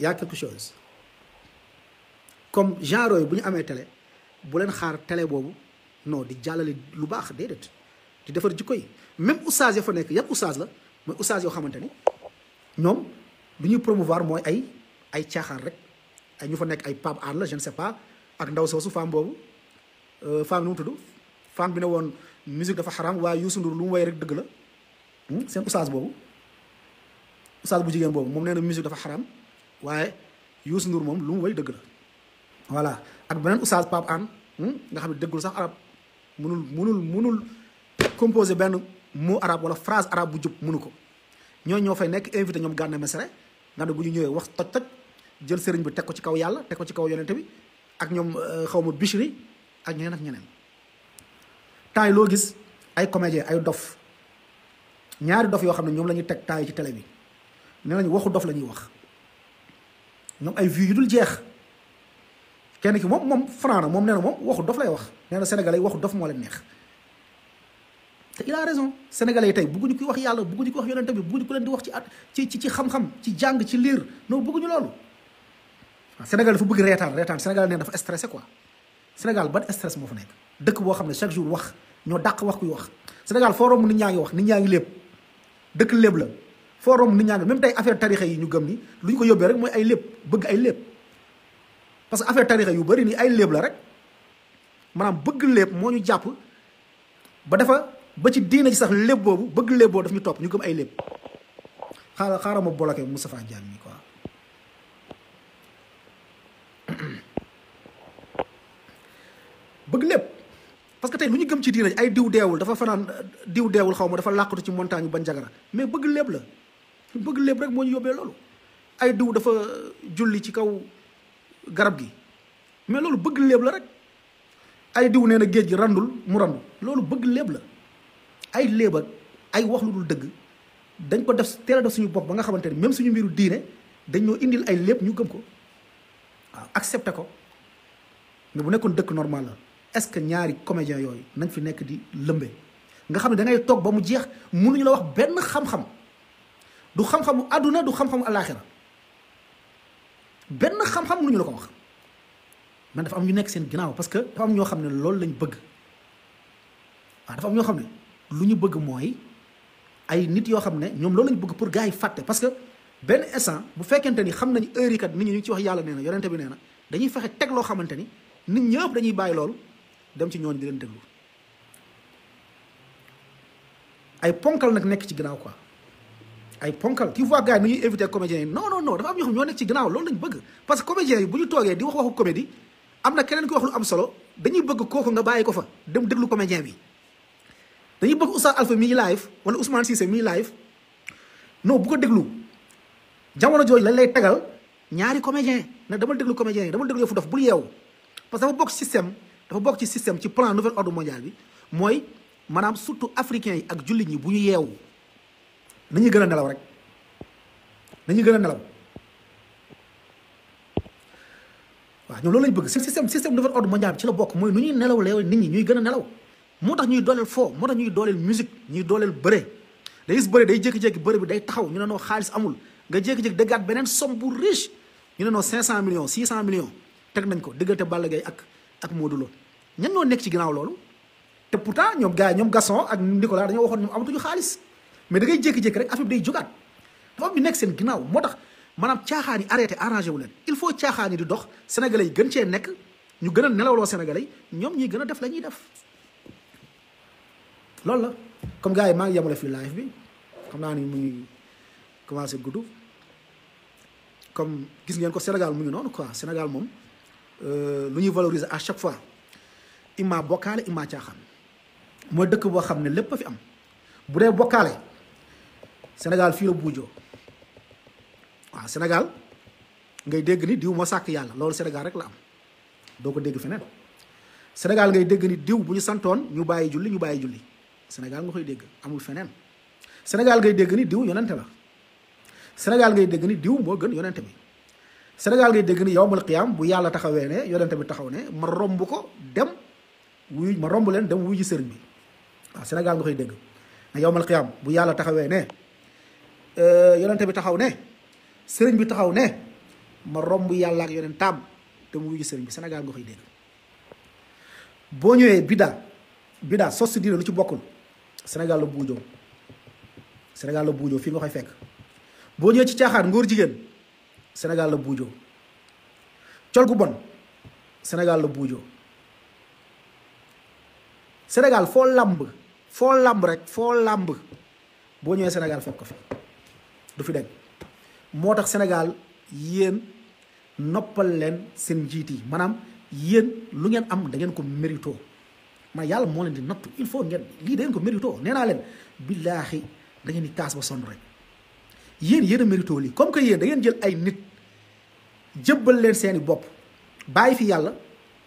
yaa quelque chose comme genre yi bu ñu amee télé bu leen xaar télé boobu non di jàllale lu baax déedéet di defar jikko yi même oustaz ya fa nekk yan oustaz la mooy oustaz yoo xamante ni ñoom bi ñuy promouvoir mooy ay ay caaxaan rek ay ñu fa nekk ay Pape Hann la je ne sais pas ak ndaw soosu femme boobu euh, femme nu mu tudd femme bi ne woon musique dafa xaram waaye Youssou Ndour lu woy rek dëgg la hmm? seen oustaz boobu oustaz bu jigéen boobu moom nee na musique dafa xaram waaye Youssou Ndour moom lu mu woy dëgg la voilà ak beneen oustaz Pape Hann hmm? nga xam ne dëggul sax arab mënul mënul mënul composé benn mu arabe wala phrase arab bu jub mënu ko ñoo ñoo fay nekk invité ñoom Gana Messere nga ne bu ñu ñëwee wax toj toj jël sëriñ bi teg ko ci kaw yàlla teg ko ci kaw yonente bi ak ñoom euh, xaw ma bichri ak ñeneen ak ñeneen temps loo gis ay comédien ay dof ñaari dof yoo xam ne ñoom lañuy teg temps ci tele bi nee nañu waxu dof la ñuy wax ñoom ay vues yu dul jeex kenn ki moom moom fanaana moom nee na moom waxu dof lay wax nee na sénégalais waxu dof moo leen neex te il a raison sénégalais yi tey bëgguñu kuy wax yàlla bëgguñu kuy wax yonent bi bëgguñu ku leen di wax ci at ci ci xam-xam ci jàng ci liir non bëgguñu loolu waaw ah, Sénégal dafa bëgg reetaan reetaan Sénégal neen dafa stressé quoi Sénégal ban stress moo fa nekk dëkk boo xam ne chaque jour wax ñoo dàq wax kuy wax Sénégal foo romb nit ñaa ngi wax nit ñaa ngi lépp dëkk lépp la foo romb nit ñaa ngi même tey affaire tarixa yi ñu gëm ni lu ñu ko yóbbee rek mooy ay lépp bëgg ay lépp que affaire tarixa yu bëri nii ay lépp la rek maanaam bëgg lépp moo ñu jàpp ba ci diina ci sax lépp boobu bëgg lépp boobu daf ñu topp ñu gëm ay lépp xaaral xaaral ma bloqué Moustapha Diagne mi quoi bëgg lépp parce que tey lu ñu gëm ci diina ay diw deewul dafa fanaan diw deewul xaw ma dafa làqatu ci montagne ba njagara mais bëgg lépp la bëgg lépp rek moo ñu yóbbee loolu ay diw dafa julli ci kaw garab gi mais loolu bëgg lépp la rek ay diw nee na géej gi randul mu randu loolu bëgg lépp la ay léebal ay wax lu dul dëgg dañ ko def teel a def suñu bopp ba nga xamante ni même suñu mbiru diine dañoo indil ay lépp ñu gëm ko waaw accepté ko mais bu nekkoon dëkk normal la est-ce que ñaari comédien yooyu nañ fi nekk di lëmbe nga xam ne da ngay toog ba mu jeex mënuñu la wax benn xam-xam du xam-xamu àdduna du xam-xamu alaaxira benn xam-xam mënuñu la ko wax mais dafa am ñu nekk seen ginnaaw parce que dafa am ñoo xam ne loolu lañ bëgg waaw dafa am ñoo xam ne. lu ñu bëgg mooy ay nit yoo xam ne ñoom loolu lañu bëgg pour gars yi fàtte parce que benn instant bu fekkente ni xam nañu heure yi kat nit ñi ñu ci wax yàlla nee na yonente bi nee dañuy fexe teg loo xamante ni nit ñëpp dañuy bàyyi loolu dem ci ñooñu di leen déglu ay ponkal nag nekk ci gannaaw quoi ay ponkal tu vois gars yi nu ñuy invité comédiens yi non non dafa am ñoo xam ñoo nekk ci gannaaw loolu lañ bëgg parce que yi bu ñu toogee di wax waxu comédie na keneen ko wax am solo dañuy bëgg kooku nga bàyyi ko fa dem déglu comédien bi dañuy bëgg Oustaz Alpha miy live wala Ousmane Cissé miy live non bu ko déglu jamono jooju lañ lay tegal ñaari comédien ne dama déglu comédien yi dama déglu yow fu dof bul yeewu parce que dafa bokk système dafa bokk ci système ci plan nouvel ordre mondial bi mooy maanaam surtout africains yi ak jullit ñi bu ñu yeewu nañuy gën a nelaw rek nañuy gën a nelaw waaw ñoom loolu lañ bëgg seen système système nouvel bi ci la bokk mooy nu ñuy nelaw léew nit ñi ñuy gën a nelaw moo tax ñuy dooleel foo moo tax ñuy dooleel musique ñuy dooleel bëre day gis bëre day jékki-jékki bëre bi day taxaw ñu ne noo xaalis amul nga jékki-jékki dëggaat beneen somme bu riche ñu ne noo 500 millions 600 millions teg nañ ko diggante Balla Gaye ak ak Modou Lo nekk ci ginnaaw loolu te pourtant ñoom gars yi ñoom Gaston ak Nicolas dañoo waxoon ñoom amatuñu xaalis mais da ngay jékki-jékki rek affaire bi day jógaat ñu nekk seen ginnaaw moo tax maanaam caaxaan yi arrêté arrangé wu leen il faut caaxaan yi di dox sénégalais yi gën cee nekk ñu gën a nelawloo sénégalais yi ñoom ñuy gën a def la def loolu la comme gars yi maa ngi yemale fii live bi xam naa ni mu ngi commencé gudd comme gis ngeen ko Sénégal mu ngi noonu quoi Sénégal moom euh, lu ñuy valoriser à chaque fois imma bokkaale imma caaxaan mooy dëkk boo xam ne lépp a fi am bu dee bokkaale Sénégal fii la buujoo waa Sénégal ngay dégg ni diw moo sàkk yàlla loolu Sénégal rek la am doo ko dégg feneen Sénégal ngay dégg ni diw bu ñu santoon ñu bàyyi julli ñu bàyyi julli Sénégal nga koy dégg amul feneen Sénégal ngay dégg ni diw yonente la Sénégal ngay dégg ni diw moo gën yonente bi Sénégal ngay dégg ni yowmal qiyaam bu yàlla taxawee ne yonente bi taxaw ne ma romb ko dem ma romb leen dem wuyu ji bi waaw Sénégal nga koy dégg ne yowmal qiyaam bu yàlla taxawee ne euh, yonente bi taxaw ne sëriñ bi taxaw ne ma romb yàlla ak yonent taam dem wuyu ji sëriñ bi Sénégal nga koy dégg boo ñëwee bida bida sos si diine lu ci bokkul Sénégal la buujoo Sénégal la buujoo fii nga koy fekk boo ñëwee ci caaxaan ngóor jigéen Sénégal la buujoo col gu bon Sénégal la buujoo Sénégal foo làmb foo làmb rek foo làmb boo ñëwee Sénégal fekk ko fi du fi dégg moo tax Sénégal yéen noppal leen seen njiit yi maanaam yéen lu ngeen am da ko mérito ma yàlla moo leen di nattu il faut ngeen lii dañ ko mérito nee naa leen billaahi da ngeen di taas ba sonn rek yéen yéen a mérito lii comme que yéen da ngeen jël ay nit jëbbal leen seeni bopp bàyyi fi yàlla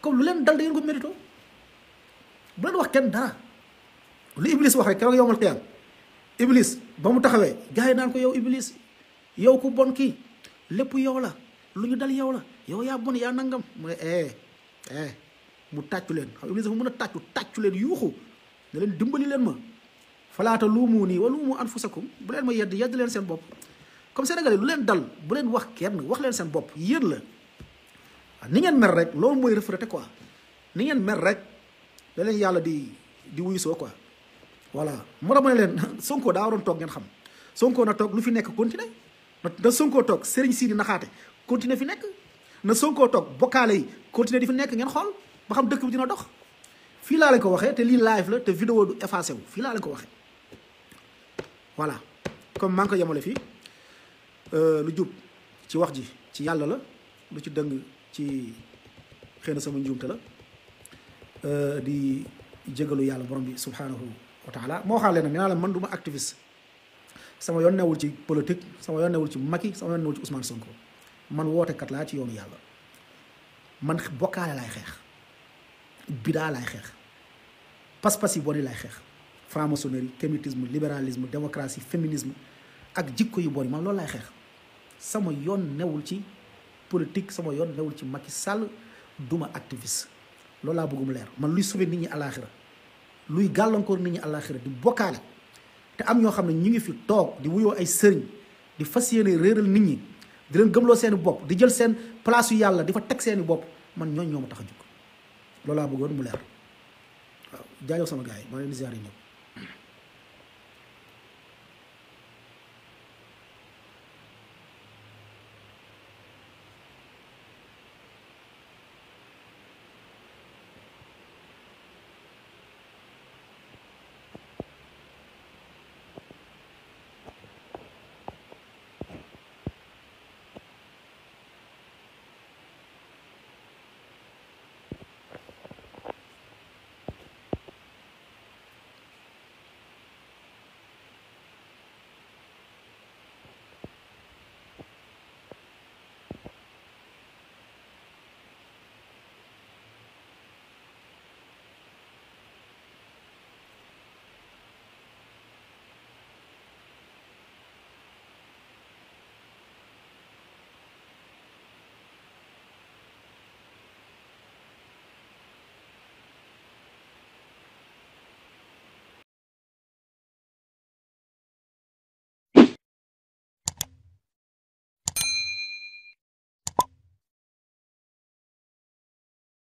comme lu leen dal da ngeen ko mérito bu leen wax kenn dara lu Iblis wax rek keroog yow mal teyam ba mu taxawee gars yi naan ko yow Iblis yow ku bon kii lépp yow la lu ñu dal yow la yow yaa bon yaa nangam mu ne eh, eh. mu tàccu leen xam iblis dafa mën a tàccu tàccu leen yuuxu ne leen dimbali leen ma falaata luumu nii wa luumu anfusakum bu leen ma yedd yedd leen seen bopp comme sénégalais lu leen dal bu leen wax kenn wax leen seen bopp yéen la ni ngeen mer rek loolu mooy te quoi ni ngeen mer rek da leen yàlla di di wuyu soo quoi voilà moo ma leen Sonko daa waroon toog ngeen xam Sonko na toog lu fi nekk continué na Sonko toog Serigne Sidi naxaate continué fi nekk na Sonko toog bokkaale yi continué di fi nekk ngeen xool ba xam dëkk bi dina dox fii laa leen ko waxee te lii live la te vidéo du effacé wu fii laa leen ko waxee voilà comme maa ngi ko yemale fii euh, lu jub ci wax ji ci yàlla la lu ci dëng ci xëy na sama njuumte la euh, di jégalu yàlla borom bi subhanahu wa taala moo xaale nag nee naa la man du ma activiste sama yoon newul ci politique sama yoon newul ci Macky sama yoon newul ci Ousmane Sonko man wootekat laa ci yoonu yàlla man bokkaale laay xeex bidaa laay xeex pas-pas yi bori laay xeex franc-maçonnerie kémitisme libéralisme démocratie féminisme ak jikko yu bori man lool laay xeex sama yoon newul ci politique sama yoon newul ci Macky Sall duma activiste loolu laa bëggum leer man luy sauver nit ñi àllaaxira luy gàllankoor nit ñi àllaaxira di bokkaale te am ñoo xam ne ñu ngi fi toog di wuyoo ay sëriñ di fas yéene réeral nit ñi di leen gëmloo seeni bopp di jël seen place yàlla di fa teg seeni bopp man ñooñ ñoo ma tax loolaa bëggoon mu leer waaw jaajëf sama gars yi maa ngi leen